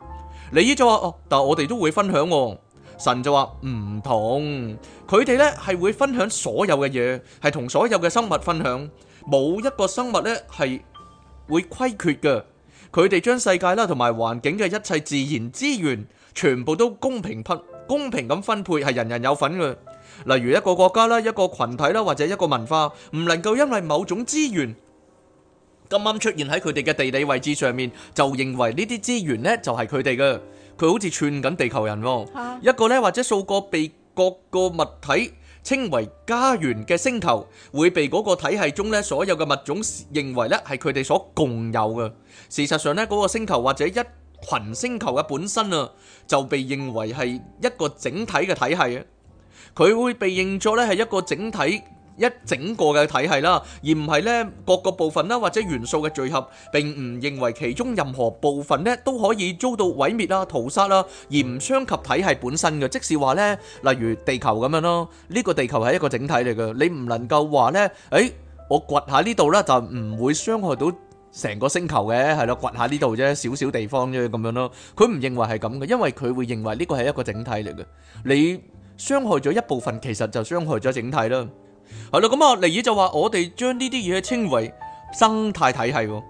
你呢就話哦，但我哋都會分享喎、哦。神就話唔同，佢哋呢係會分享所有嘅嘢，係同所有嘅生物分享，冇一個生物呢係會虧缺嘅。佢哋將世界啦同埋環境嘅一切自然資源，全部都公平匹。公平咁分配係人人有份嘅，例如一個國家啦、一個群體啦或者一個文化，唔能夠因為某種資源咁啱出現喺佢哋嘅地理位置上面，就認為呢啲資源呢就係佢哋嘅。佢好似串緊地球人，一個呢或者數個被各個物體稱為家園嘅星球，會被嗰個體係中呢所有嘅物種認為呢係佢哋所共有嘅。事實上呢，嗰個星球或者一群星球嘅本身啊，就被認為係一個整體嘅體系啊，佢會被認作咧係一個整體一整個嘅體系啦，而唔係咧各個部分啦或者元素嘅聚合。並唔認為其中任何部分咧都可以遭到毀滅啦、屠殺啦，而唔傷及體系本身嘅。即使話咧，例如地球咁樣咯，呢個地球係一個整體嚟嘅，你唔能夠話咧，誒我掘下呢度啦，就唔會傷害到。成個星球嘅，係咯，掘下呢度啫，少少地方啫咁樣咯。佢唔認為係咁嘅，因為佢會認為呢個係一個整體嚟嘅。你傷害咗一部分，其實就傷害咗整體啦。係咯，咁、嗯、啊，尼爾就話我哋將呢啲嘢稱為生態體系。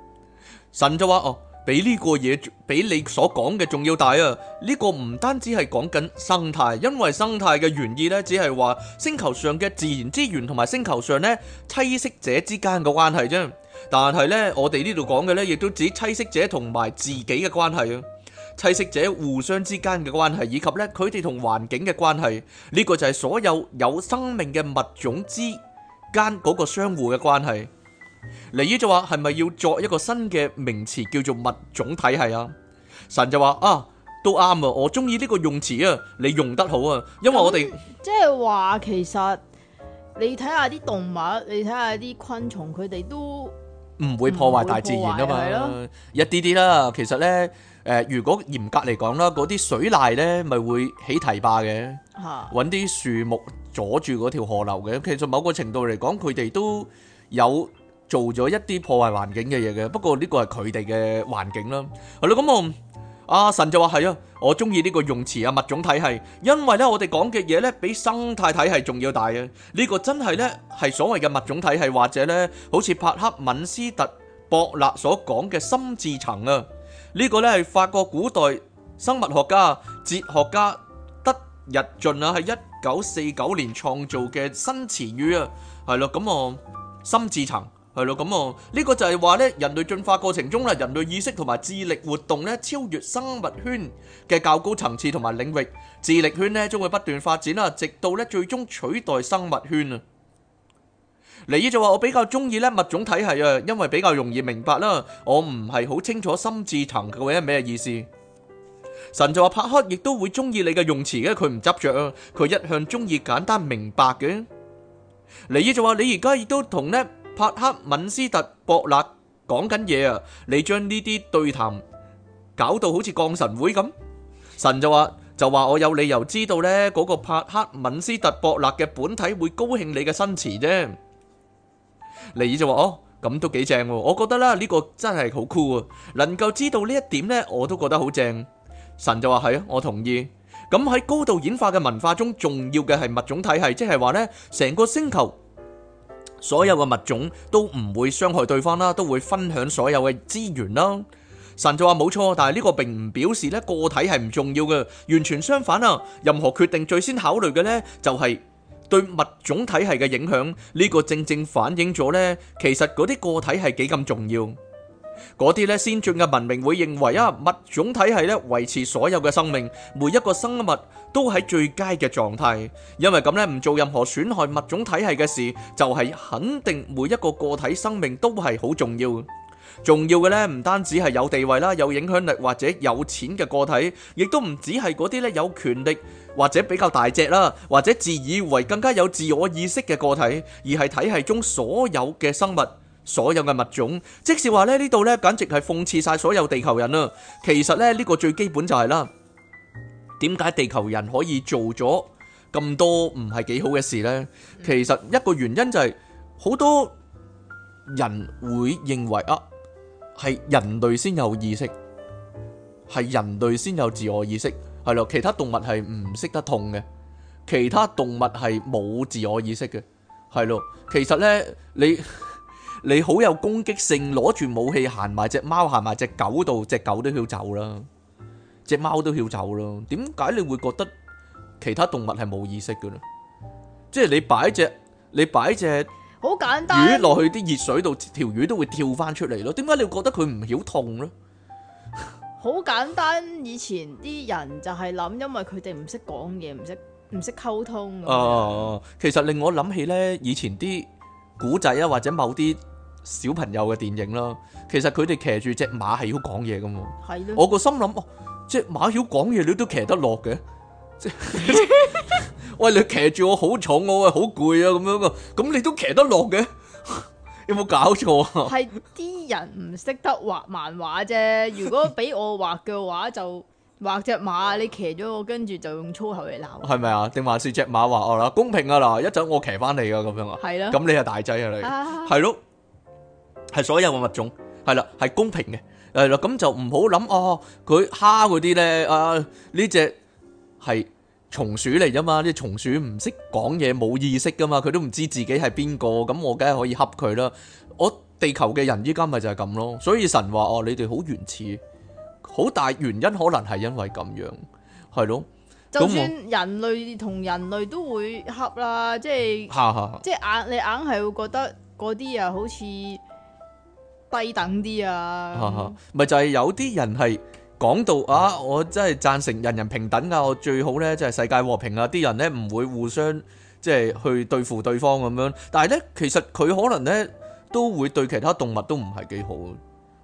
神就話哦，比呢個嘢比你所講嘅仲要大啊！呢、這個唔單止係講緊生態，因為生態嘅原意呢，只係話星球上嘅自然資源同埋星球上呢，棲息者之間嘅關係啫。但係呢，我哋呢度講嘅呢，亦都指棲息者同埋自己嘅關係啊，棲息者互相之間嘅關係，以及呢，佢哋同環境嘅關係，呢個就係所有有生命嘅物種之間嗰個相互嘅關係。嚟依就話係咪要作一個新嘅名詞叫做物種體系啊？神就話啊，都啱啊，我中意呢個用詞啊，你用得好啊，因為我哋即係話其實你睇下啲動物，你睇下啲昆蟲，佢哋都。唔會破壞大自然啊嘛，一啲啲啦。其實咧，誒、呃，如果嚴格嚟講啦，嗰啲水獺咧，咪會起堤壩嘅，搵啲樹木阻住嗰條河流嘅。其實某個程度嚟講，佢哋都有做咗一啲破壞環境嘅嘢嘅。不過呢個係佢哋嘅環境啦。係咯，咁、嗯、我。阿神就話係啊，我中意呢個用詞啊物種體系，因為咧我哋講嘅嘢咧比生態體係仲要大啊！呢個真係咧係所謂嘅物種體系或者咧，好似帕克敏斯特博納所講嘅心智層啊！呢個咧係法國古代生物學家、哲學家德日進啊，喺一九四九年創造嘅新詞語啊，係咯咁啊心智層。係咯，咁哦，呢個就係話呢，人類進化過程中啦，人類意識同埋智力活動咧，超越生物圈嘅較高層次同埋領域，智力圈咧，將會不斷發展啦，直到咧最終取代生物圈啊。尼爾就話：我比較中意呢物種體系啊，因為比較容易明白啦。我唔係好清楚心智層嗰啲咩意思。神就話：帕克亦都會中意你嘅用詞嘅，佢唔執着，佢一向中意簡單明白嘅。尼爾就話：你而家亦都同呢。」帕克敏斯特博勒講緊嘢啊！你將呢啲對談搞到好似降神會咁，神就話，就話我有理由知道咧嗰個帕克敏斯特博勒嘅本體會高興你嘅新詞啫。你就話，哦，咁都幾正，我覺得咧呢個真係好 cool 啊！能夠知道呢一點咧，我都覺得好正。神就話，係啊，我同意。咁喺高度演化嘅文化中，重要嘅係物種體系，即係話咧成個星球，所有嘅物種都唔會傷害對方啦，都會分享所有嘅資源啦。神就話冇錯，但係呢個並唔表示呢個體系唔重要嘅，完全相反啊！任何決定最先考慮嘅呢就係對物種體系嘅影響，呢個正正反映咗呢其實嗰啲個體系幾咁重要。嗰啲咧先進嘅文明會認為啊，物種體系咧維持所有嘅生命，每一個生物都喺最佳嘅狀態，因為咁咧唔做任何損害物種體系嘅事，就係肯定每一個個體生命都係好重要。重要嘅咧唔單止係有地位啦、有影響力或者有錢嘅個體，亦都唔止係嗰啲咧有權力或者比較大隻啦，或者自以為更加有自我意識嘅個體，而係體系中所有嘅生物。所有嘅物種，即是話呢呢度呢，簡直係諷刺晒所有地球人啊。其實呢呢個最基本就係啦，點解地球人可以做咗咁多唔係幾好嘅事呢？其實一個原因就係好多人會認為啊，係人類先有意識，係人類先有自我意識，係咯，其他動物係唔識得痛嘅，其他動物係冇自我意識嘅，係咯。其實呢你。你好有攻擊性，攞住武器行埋隻貓行埋隻狗度，隻狗都要走啦，隻貓都要走啦。點解你會覺得其他動物係冇意識嘅咧？即係你擺隻你擺隻好簡單，魚落去啲熱水度，條魚都會跳翻出嚟咯。點解你會覺得佢唔曉痛咧？好簡單，以前啲人就係諗，因為佢哋唔識講嘢，唔識唔識溝通。誒，其實令我諗起咧，以前啲古仔啊，或者某啲。小朋友嘅電影啦，其實佢哋騎住隻馬係要講嘢噶嘛，係咯我個心諗哦，即係隻馬曉講嘢，你都騎得落嘅， 喂你騎住我好重，我喂好攰啊，咁樣個，咁你都騎得落嘅，有冇搞錯啊？係 啲人唔識得畫漫畫啫，如果俾我畫嘅話就畫隻馬，你騎咗我跟住就用粗口嚟鬧，係咪啊？定還是隻馬話哦，啦？公平啊嗱，一陣我騎翻你啊！」咁樣啊，係啦，咁你係大仔啊你，係咯。係所有嘅物種，係啦，係公平嘅，誒啦，咁就唔好諗哦。佢蝦嗰啲咧，啊呢只係松鼠嚟咋嘛？呢松鼠唔識講嘢，冇意識噶嘛，佢都唔知自己係邊個，咁我梗係可以恰佢啦。我地球嘅人依家咪就係咁咯。所以神話哦，你哋好原始，好大原因可能係因為咁樣，係咯。就算人類同人類都會恰啦，即係， 即係硬你硬係會覺得嗰啲啊好似。低等啲啊，咪就係有啲人係講到啊，我真係贊成人人平等啊。我最好呢，即係世界和平啊，啲人呢，唔會互相即係去對付對方咁樣。但係呢，其實佢可能呢，都會對其他動物都唔係幾好，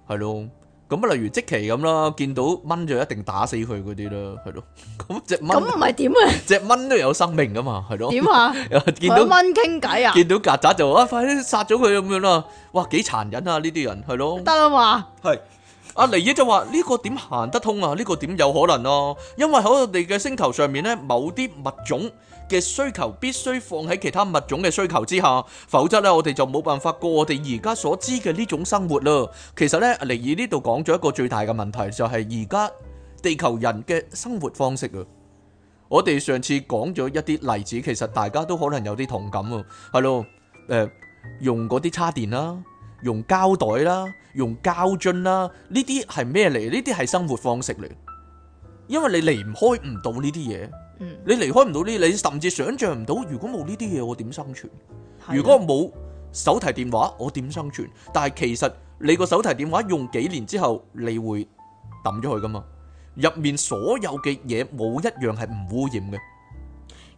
係咯。咁啊，例如即期咁啦，見到蚊就一定打死佢嗰啲啦，係咯。咁、嗯、隻蚊咁唔係點啊？隻蚊都有生命噶嘛，係咯。點啊？見到蚊傾偈啊？見到曱甴就啊，快啲殺咗佢咁樣咯！哇，幾殘忍啊！呢啲人係咯，得啦嘛。係吧。阿尼爾就話，呢個點行得通啊？呢個點有可能咯？因為喺我哋嘅星球上面呢，某啲物種嘅需求必須放喺其他物種嘅需求之下，否則呢我哋就冇辦法過我哋而家所知嘅呢種生活咯。其實呢，阿尼爾呢度講咗一個最大嘅問題就係而家地球人嘅生活方式啊。我哋上次講咗一啲例子，其實大家都可能有啲同感啊，係咯，誒，用嗰啲叉電啦，用膠袋啦。用膠樽啦，呢啲係咩嚟？呢啲係生活方式嚟，因為你離唔開唔到呢啲嘢，你離開唔到呢，你甚至想象唔到，如果冇呢啲嘢我點生存？如果我冇手提電話我點生存？但係其實你個手提電話用幾年之後你會抌咗佢㗎嘛。入面所有嘅嘢冇一樣係唔污染嘅。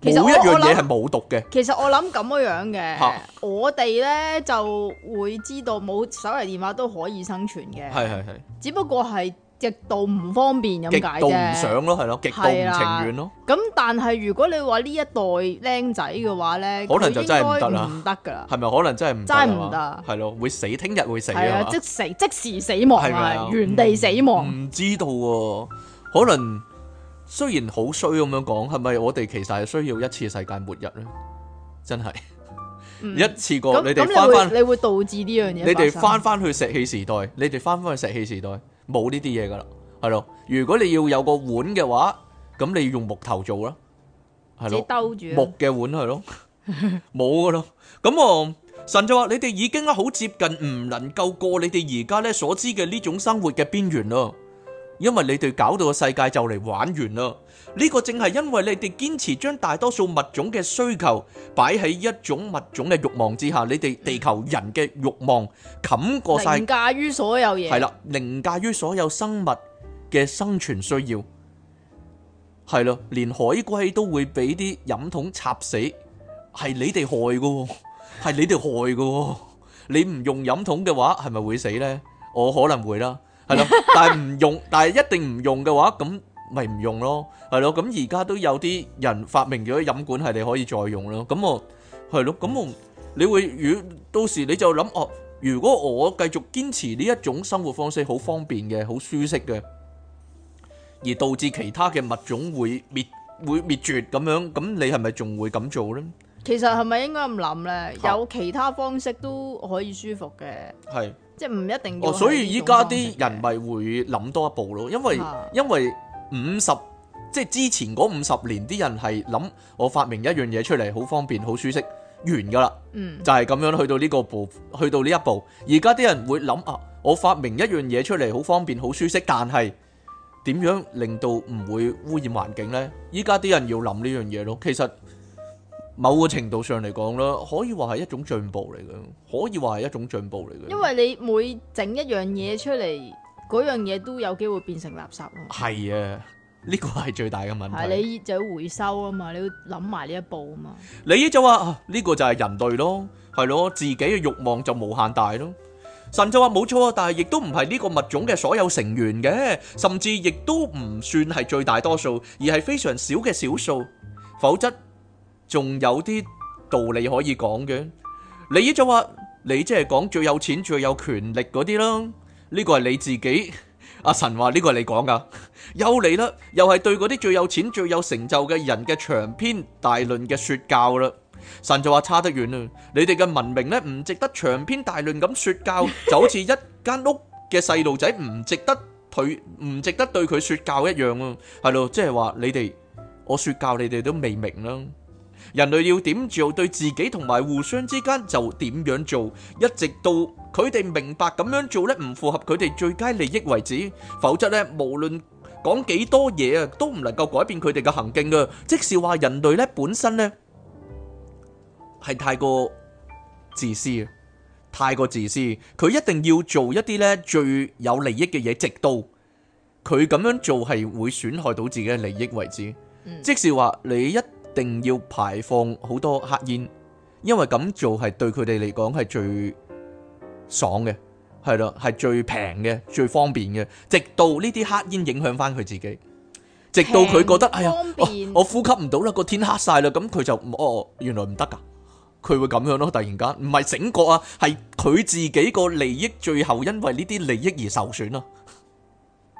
其實每一樣嘢係冇毒嘅。其實我諗咁樣樣嘅，啊、我哋咧就會知道冇手提電話都可以生存嘅，係係係。只不過係極度唔方便咁解啫。極度唔想咯，係咯，極度唔情願咯。咁、啊、但係如果你話呢一代僆仔嘅話咧，可能就真係唔得啦，係咪？係係可能真係唔得。真係唔得。係咯，會死，聽日會死啊！即死即時死亡，係咪？原地死亡。嗯、唔知道啊，可能。雖然好衰咁樣講，係咪我哋其實係需要一次世界末日咧？真係、嗯、一次過，那你哋翻翻，你會導致呢樣嘢。你哋翻翻去石器時代，你哋翻翻去石器時代，冇呢啲嘢噶啦，係咯。如果你要有個碗嘅話，咁你要用木頭做啦，係咯，兜住木嘅碗係咯，冇噶咯。咁啊， 神就話：你哋已經好接近，唔能夠過你哋而家咧所知嘅呢種生活嘅邊緣咯。因為你哋搞到個世界就嚟玩完啦！呢個正係因為你哋堅持將大多數物種嘅需求擺喺一種物種嘅欲望之下，你哋地球人嘅欲望冚過晒，凌駕於所有嘢。係啦，凌駕於所有生物嘅生存需要。係咯，連海龜都會俾啲飲桶插死，係你哋害噶，係你哋害噶。你唔用飲桶嘅話，係咪會死呢？我可能會啦。係咯，但係唔用，但係一定唔用嘅話，咁咪唔用咯，係咯。咁而家都有啲人發明咗飲管係你可以再用咯。咁我係咯，咁我你會如到時你就諗哦，如果我繼續堅持呢一種生活方式，好方便嘅，好舒適嘅，而導致其他嘅物種會滅會滅絕咁樣，咁你係咪仲會咁做呢？其實係咪應該唔諗呢？有其他方式都可以舒服嘅。係。即係唔一定要，哦，所以依家啲人咪會諗多一步咯，因為因為五十即係之前嗰五十年啲人係諗，我發明一樣嘢出嚟，好方便好舒適，完噶啦，嗯，就係咁樣去到呢個步，去到呢一步。而家啲人會諗啊，我發明一樣嘢出嚟，好方便好舒適，但係點樣令到唔會污染環境呢？依家啲人要諗呢樣嘢咯，其實。某個程度上嚟講啦，可以話係一種進步嚟嘅，可以話係一種進步嚟嘅。因為你每整一樣嘢出嚟，嗰樣嘢都有機會變成垃圾啊。係啊，呢個係最大嘅問題。係你就要回收啊嘛，你要諗埋呢一步啊嘛。你就話啊，呢個就係人類咯，係咯，自己嘅慾望就無限大咯。神就話冇錯啊，但係亦都唔係呢個物種嘅所有成員嘅，甚至亦都唔算係最大多數，而係非常少嘅少數，否則。仲有啲道理可以講嘅，你就話你即係講最有錢最有權力嗰啲囉，呢個係你自己。阿神話呢個係你講噶。又嚟啦，又係對嗰啲最有錢最有成就嘅人嘅長篇大論嘅説教啦。神就話差得遠啦，你哋嘅文明呢唔值得長篇大論咁説教，就好似一間屋嘅細路仔唔值得佢，唔值得對佢説教一樣啊，係咯，即係話你哋我説教你哋都未明啦。人類要點做，對自己同埋互相之間就點樣做，一直到佢哋明白咁樣做呢唔符合佢哋最佳利益為止。否則呢，無論講幾多嘢啊，都唔能夠改變佢哋嘅行徑嘅。即是話人類呢本身呢係太過自私啊，太過自私。佢一定要做一啲呢最有利益嘅嘢，直到佢咁樣做係會損害到自己嘅利益為止。即是話你一。定要排放好多黑煙，因為咁做係對佢哋嚟講係最爽嘅，係咯，係最平嘅，最方便嘅。直到呢啲黑煙影響翻佢自己，直到佢覺得哎呀，我我呼吸唔到啦，個天黑晒啦，咁佢就哦，原來唔得噶，佢會咁樣咯。突然間唔係醒覺啊，係佢自己個利益最後因為呢啲利益而受損啦。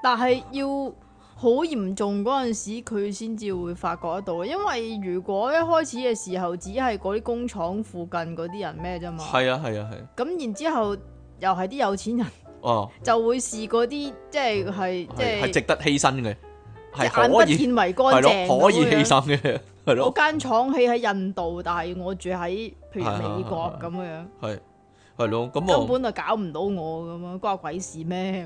但係要。好嚴重嗰陣時，佢先至會發覺得到，因為如果一開始嘅時候只係嗰啲工廠附近嗰啲人咩啫，啊、嘛。係啊係啊係，咁然之後，後又係啲有錢人，哦，就會試嗰啲即係係即係值得犧牲嘅，係可眼不見為乾淨，可以犧牲嘅，係咯。我間廠起喺印度，但係我住喺譬如美國咁樣，係係咯，咁我根本就搞唔到我咁樣，關鬼事咩？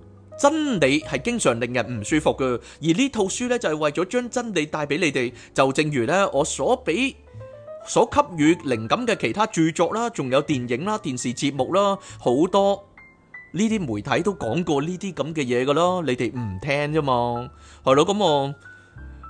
真理係經常令人唔舒服嘅，而呢套書呢就係為咗將真理帶俾你哋。就正如呢，我所俾、所給予靈感嘅其他著作啦，仲有電影啦、電視節目啦，好多呢啲媒體都講過呢啲咁嘅嘢㗎囉，你哋唔聽啫嘛？係咯，咁啊。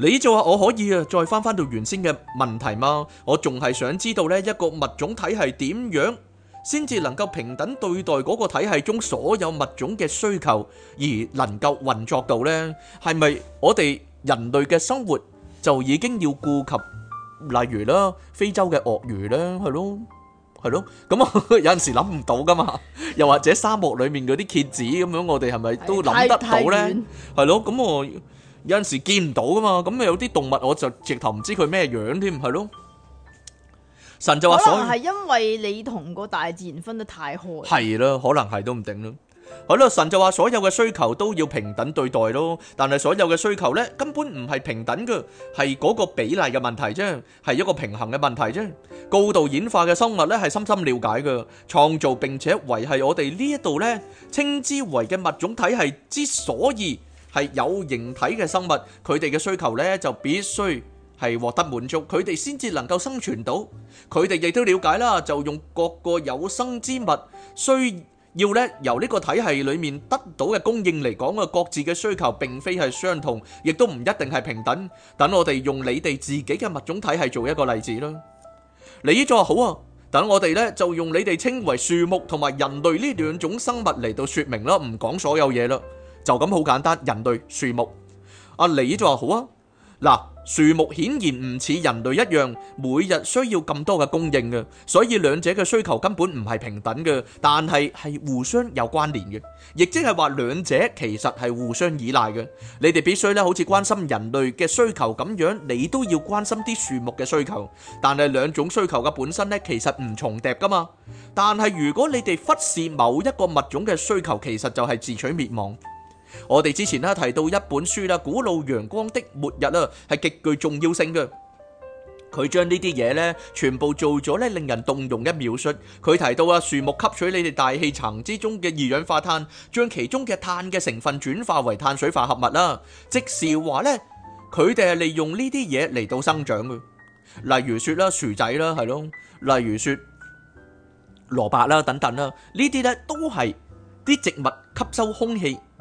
你就話我可以啊，再翻翻到原先嘅問題嘛？我仲係想知道咧，一個物種體系點樣先至能夠平等對待嗰個體系中所有物種嘅需求，而能夠運作到咧？係咪我哋人類嘅生活就已經要顧及？例如啦，非洲嘅鱷魚呢，係咯，係咯，咁啊有陣時諗唔到噶嘛？又或者沙漠裏面嗰啲蠍子咁樣，我哋係咪都諗得到咧？係咯，咁我。有陣時見唔到噶嘛，咁有啲動物我就直頭唔知佢咩樣添，係咯。神就話可能係因為你同個大自然分得太開，係咯，可能係都唔定咯，係啦。神就話所有嘅需求都要平等對待咯，但係所有嘅需求呢，根本唔係平等噶，係嗰個比例嘅問題啫，係一個平衡嘅問題啫。高度演化嘅生物呢係深深了解噶，創造並且維繫我哋呢一度呢稱之為嘅物種體系之所以。係有形體嘅生物，佢哋嘅需求呢就必須係獲得滿足，佢哋先至能夠生存到。佢哋亦都了解啦，就用各個有生之物需要呢由呢個體系裏面得到嘅供應嚟講，個各自嘅需求並非係相同，亦都唔一定係平等。等我哋用你哋自己嘅物種體系做一個例子啦。你呢座好啊，等我哋呢就用你哋稱為樹木同埋人類呢兩種生物嚟到說明啦，唔講所有嘢啦。就咁好簡單，人類樹木阿李就話好啊嗱，樹木顯然唔似人類一樣每日需要咁多嘅供應嘅，所以兩者嘅需求根本唔係平等嘅，但係係互相有關聯嘅，亦即係話兩者其實係互相依賴嘅。你哋必須咧，好似關心人類嘅需求咁樣，你都要關心啲樹木嘅需求。但係兩種需求嘅本身咧，其實唔重疊噶嘛。但係如果你哋忽視某一個物種嘅需求，其實就係自取滅亡。我哋之前啦提到一本書啦，《古老陽光的末日》啦，係極具重要性嘅。佢將呢啲嘢咧，全部做咗咧令人動容嘅描述。佢提到啊，樹木吸取你哋大氣層之中嘅二氧化碳，將其中嘅碳嘅成分轉化為碳水化合物啦。即是話咧，佢哋係利用呢啲嘢嚟到生長嘅。例如說啦，薯仔啦，係咯，例如說蘿蔔啦，等等啦，呢啲咧都係啲植物吸收空氣。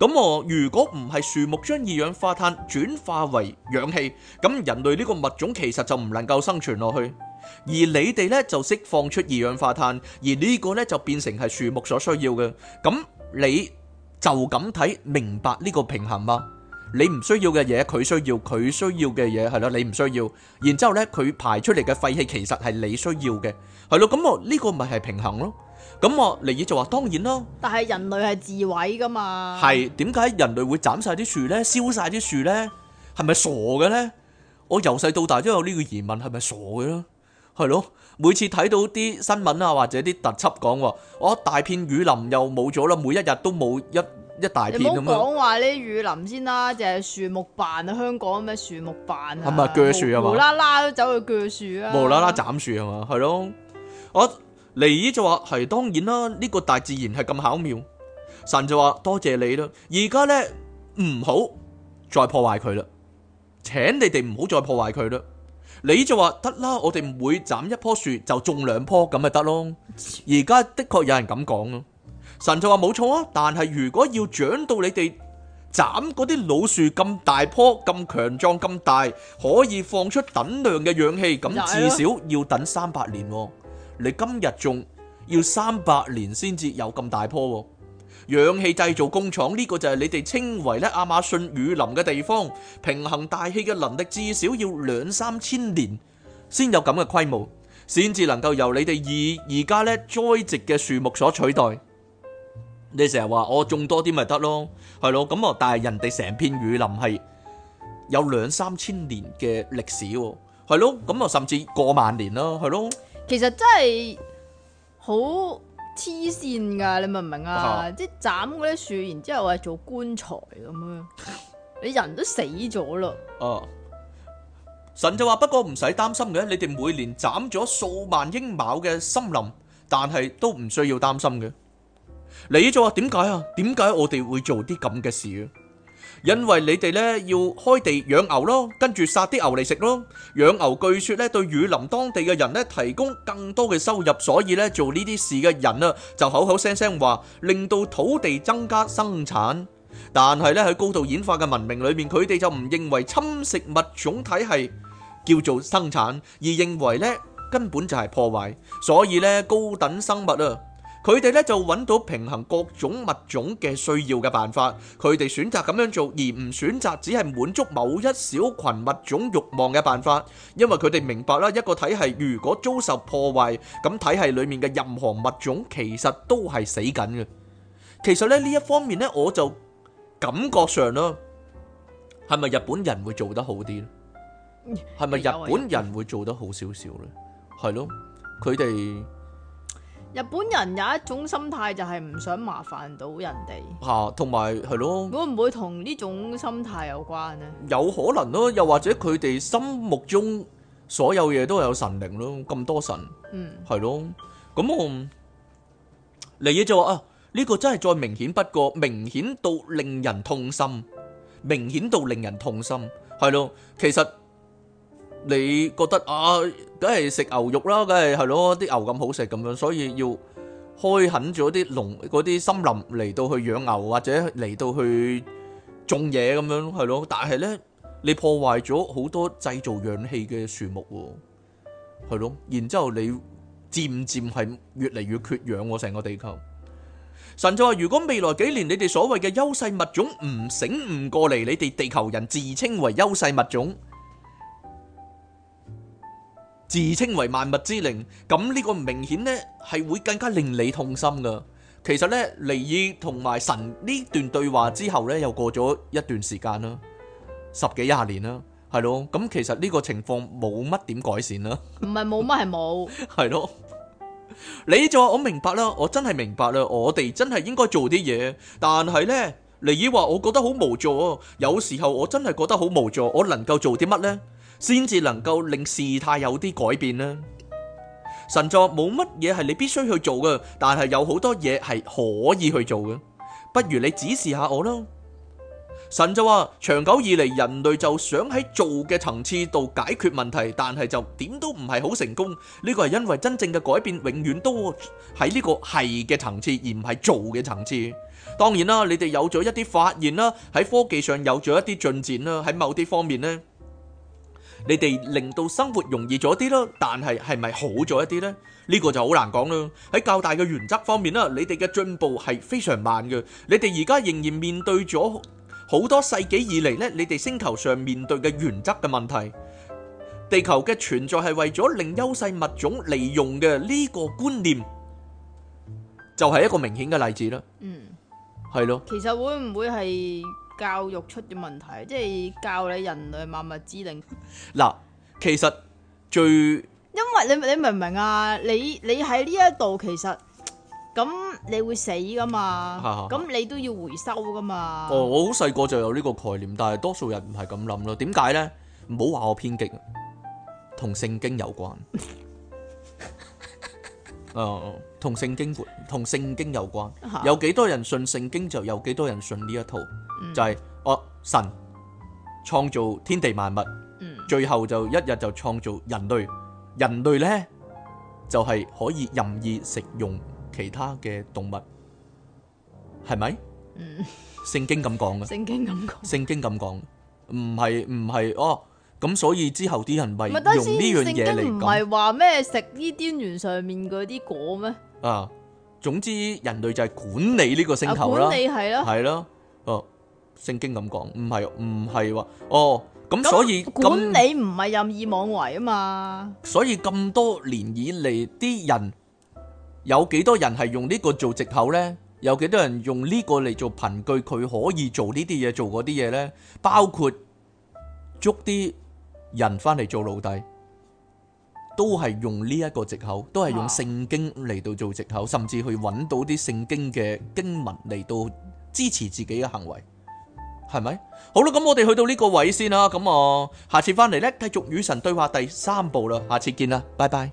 咁我如果唔係樹木將二氧化碳轉化為氧氣，咁人類呢個物種其實就唔能夠生存落去。而你哋呢就釋放出二氧化碳，而呢個呢就變成係樹木所需要嘅。咁你就咁睇，明白呢個平衡嗎？你唔需要嘅嘢，佢需要，佢需要嘅嘢，係咯你唔需要，然之後呢佢排出嚟嘅廢氣其實係你需要嘅，係咯，咁我呢個咪係平衡咯。咁我尼爾就話：當然咯，但係人類係自毀噶嘛。係點解人類會斬曬啲樹咧、燒曬啲樹咧？係咪傻嘅咧？我由細到大都有呢個疑問，係咪傻嘅咧？係咯，每次睇到啲新聞啊，或者啲特輯講喎，我一大片雨林又冇咗啦，每一日都冇一一大片咁啊。你唔好講話啲雨林先啦，就係樹木辦啊，香港咩樹木辦啊，係咪鋸樹啊嘛？無啦啦都走去鋸樹啊，無啦啦斬樹係嘛？係咯，我。尼依就話係，當然啦，呢個大自然係咁巧妙。神就話多謝你啦。而家呢，唔好再破壞佢啦，請你哋唔好再破壞佢啦。你就話得啦，我哋每斬一棵樹就種兩棵咁咪得咯。而家的確有人咁講咯，神就話冇錯啊，但係如果要長到你哋斬嗰啲老樹咁大棵、咁強壯、咁大，可以放出等量嘅氧氣，咁至少要等三百年啊。你今日仲要三百年先至有咁大棵氧氣製造工廠呢，這個就係你哋稱為咧亞馬遜雨林嘅地方，平衡大氣嘅能力至少要兩三千年先有咁嘅規模，先至能夠由你哋以而家咧栽植嘅樹木所取代。你成日話我種多啲咪得咯，係咯咁啊？但係人哋成片雨林係有兩三千年嘅歷史，係咯咁啊？甚至過萬年咯，係咯。其實真係好黐線噶，你明唔明啊？即係斬嗰啲樹，然之後係做棺材咁樣，你人都死咗啦。哦，神就話：不過唔使擔心嘅，你哋每年斬咗數萬英畝嘅森林，但係都唔需要擔心嘅。你就話點解啊？點解我哋會做啲咁嘅事啊？因為你哋咧要開地養牛咯，跟住殺啲牛嚟食咯。養牛據說咧對雨林當地嘅人咧提供更多嘅收入，所以咧做呢啲事嘅人啊就口口聲聲話令到土地增加生產。但係咧喺高度演化嘅文明裏面，佢哋就唔認為侵蝕物種體系叫做生產，而認為咧根本就係破壞。所以咧高等生物啊！佢哋咧就揾到平衡各種物種嘅需要嘅辦法，佢哋選擇咁樣做，而唔選擇只係滿足某一小群物種欲望嘅辦法，因為佢哋明白啦，一個體系如果遭受破壞，咁體系裏面嘅任何物種其實都係死緊嘅。其實咧呢一方面呢，我就感覺上啦，係咪日本人會做得好啲呢？係咪日本人會做得好少少呢？係咯，佢哋。日本人有一種心態，就係唔想麻煩到人哋。嚇，同埋係咯，會唔會同呢種心態有關呢？有可能咯，又或者佢哋心目中所有嘢都有神靈咯，咁多神，嗯，係咯，咁我嚟嘢就話啊，呢個真係再明顯不過，明顯到令人痛心，明顯到令人痛心，係咯，其實。你覺得啊，梗係食牛肉啦，梗係係咯，啲牛咁好食咁樣，所以要開墾咗啲農嗰啲森林嚟到去養牛或者嚟到去種嘢咁樣，係咯。但係呢，你破壞咗好多製造氧氣嘅樹木，係咯。然之後你漸漸係越嚟越缺氧，成個地球。神就話，如果未來幾年你哋所謂嘅優勢物種唔醒悟過嚟，你哋地球人自稱為優勢物種。自稱為萬物之靈，咁呢個明顯呢係會更加令你痛心噶。其實呢，尼爾同埋神呢段對話之後呢，又過咗一段時間啦，十幾廿年啦，係咯。咁其實呢個情況冇乜點改善啦。唔係冇乜係冇，係咯。你就話，我明白啦，我真係明白啦。我哋真係應該做啲嘢，但係呢，尼爾話，我覺得好無助，有時候我真係覺得好無助，我能夠做啲乜呢？先至能夠令事態有啲改變呢？神就話，冇乜嘢係你必須去做嘅，但係有好多嘢係可以去做嘅。不如你指示下我啦。神就話，長久以嚟，人類就想喺做嘅層次度解決問題，但係就點都唔係好成功。呢個係因為真正嘅改變永遠都喺呢個係嘅層次，而唔係做嘅層次。當然啦，你哋有咗一啲發現啦，喺科技上有咗一啲進展啦，喺某啲方面呢。你哋令到生活容易咗啲咯，但係係咪好咗一啲呢？呢個就好難講咯。喺較大嘅原則方面啦，你哋嘅進步係非常慢嘅。你哋而家仍然面對咗好多世紀以嚟呢，你哋星球上面對嘅原則嘅問題，地球嘅存在係為咗令優勢物種利用嘅呢個觀念，就係一個明顯嘅例子啦。嗯，係咯。其實會唔會係？教育出啲問題，即係教你人類萬物之靈。嗱，其實最因為你你明唔明啊？你你喺呢一度其實，咁，你會死㗎嘛？咁你都要回收㗎嘛？哦，我好細個就有呢個概念，但係多數人唔係咁諗咯。點解呢？唔好話我偏激，同聖經有關。啊！同聖經活，同聖經有關，有幾多人信聖經，就有幾多人信呢一套，就係哦，神創造天地萬物，最後就一日就創造人類，人類呢就係可以任意食用其他嘅動物，係咪？聖經咁講嘅，聖經咁講，聖經咁講，唔係唔係哦，咁所以之後啲人咪用呢樣嘢嚟講，唔係話咩食呢啲園上面嗰啲果咩？啊，總之人類就係管理呢個星球啦，管理係咯，係咯，哦，聖經咁講，唔係唔係話哦，咁所以管理唔係任意妄為啊嘛，所以咁多年以嚟，啲人有幾多人係用呢個做借口咧？有幾多人用呢個嚟做憑據？佢可以做呢啲嘢，做嗰啲嘢咧？包括捉啲人翻嚟做奴隸。都係用呢一個藉口，都係用聖經嚟到做藉口，甚至去揾到啲聖經嘅經文嚟到支持自己嘅行為，係咪？好啦，咁我哋去到呢個位先啦。咁啊，下次翻嚟呢，繼續與神對話第三部啦。下次見啦，拜拜。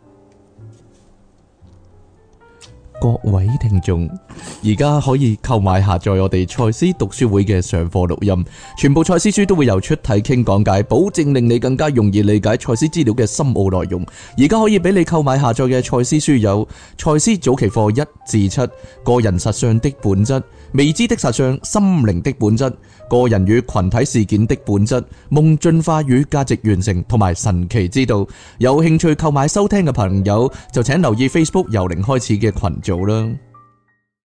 各位聽眾，而家可以購買下載我哋賽斯讀書會嘅上課錄音，全部賽斯書都會由出體傾講解，保證令你更加容易理解賽斯資料嘅深奧內容。而家可以俾你購買下載嘅賽斯書有《賽斯早期課一至七》、《個人實相的本質》、《未知的實相》、《心靈的本質》。個人與群體事件的本質、夢進化與價值完成同埋神奇之道，有興趣購買收聽嘅朋友就請留意 Facebook 由零開始嘅群組啦。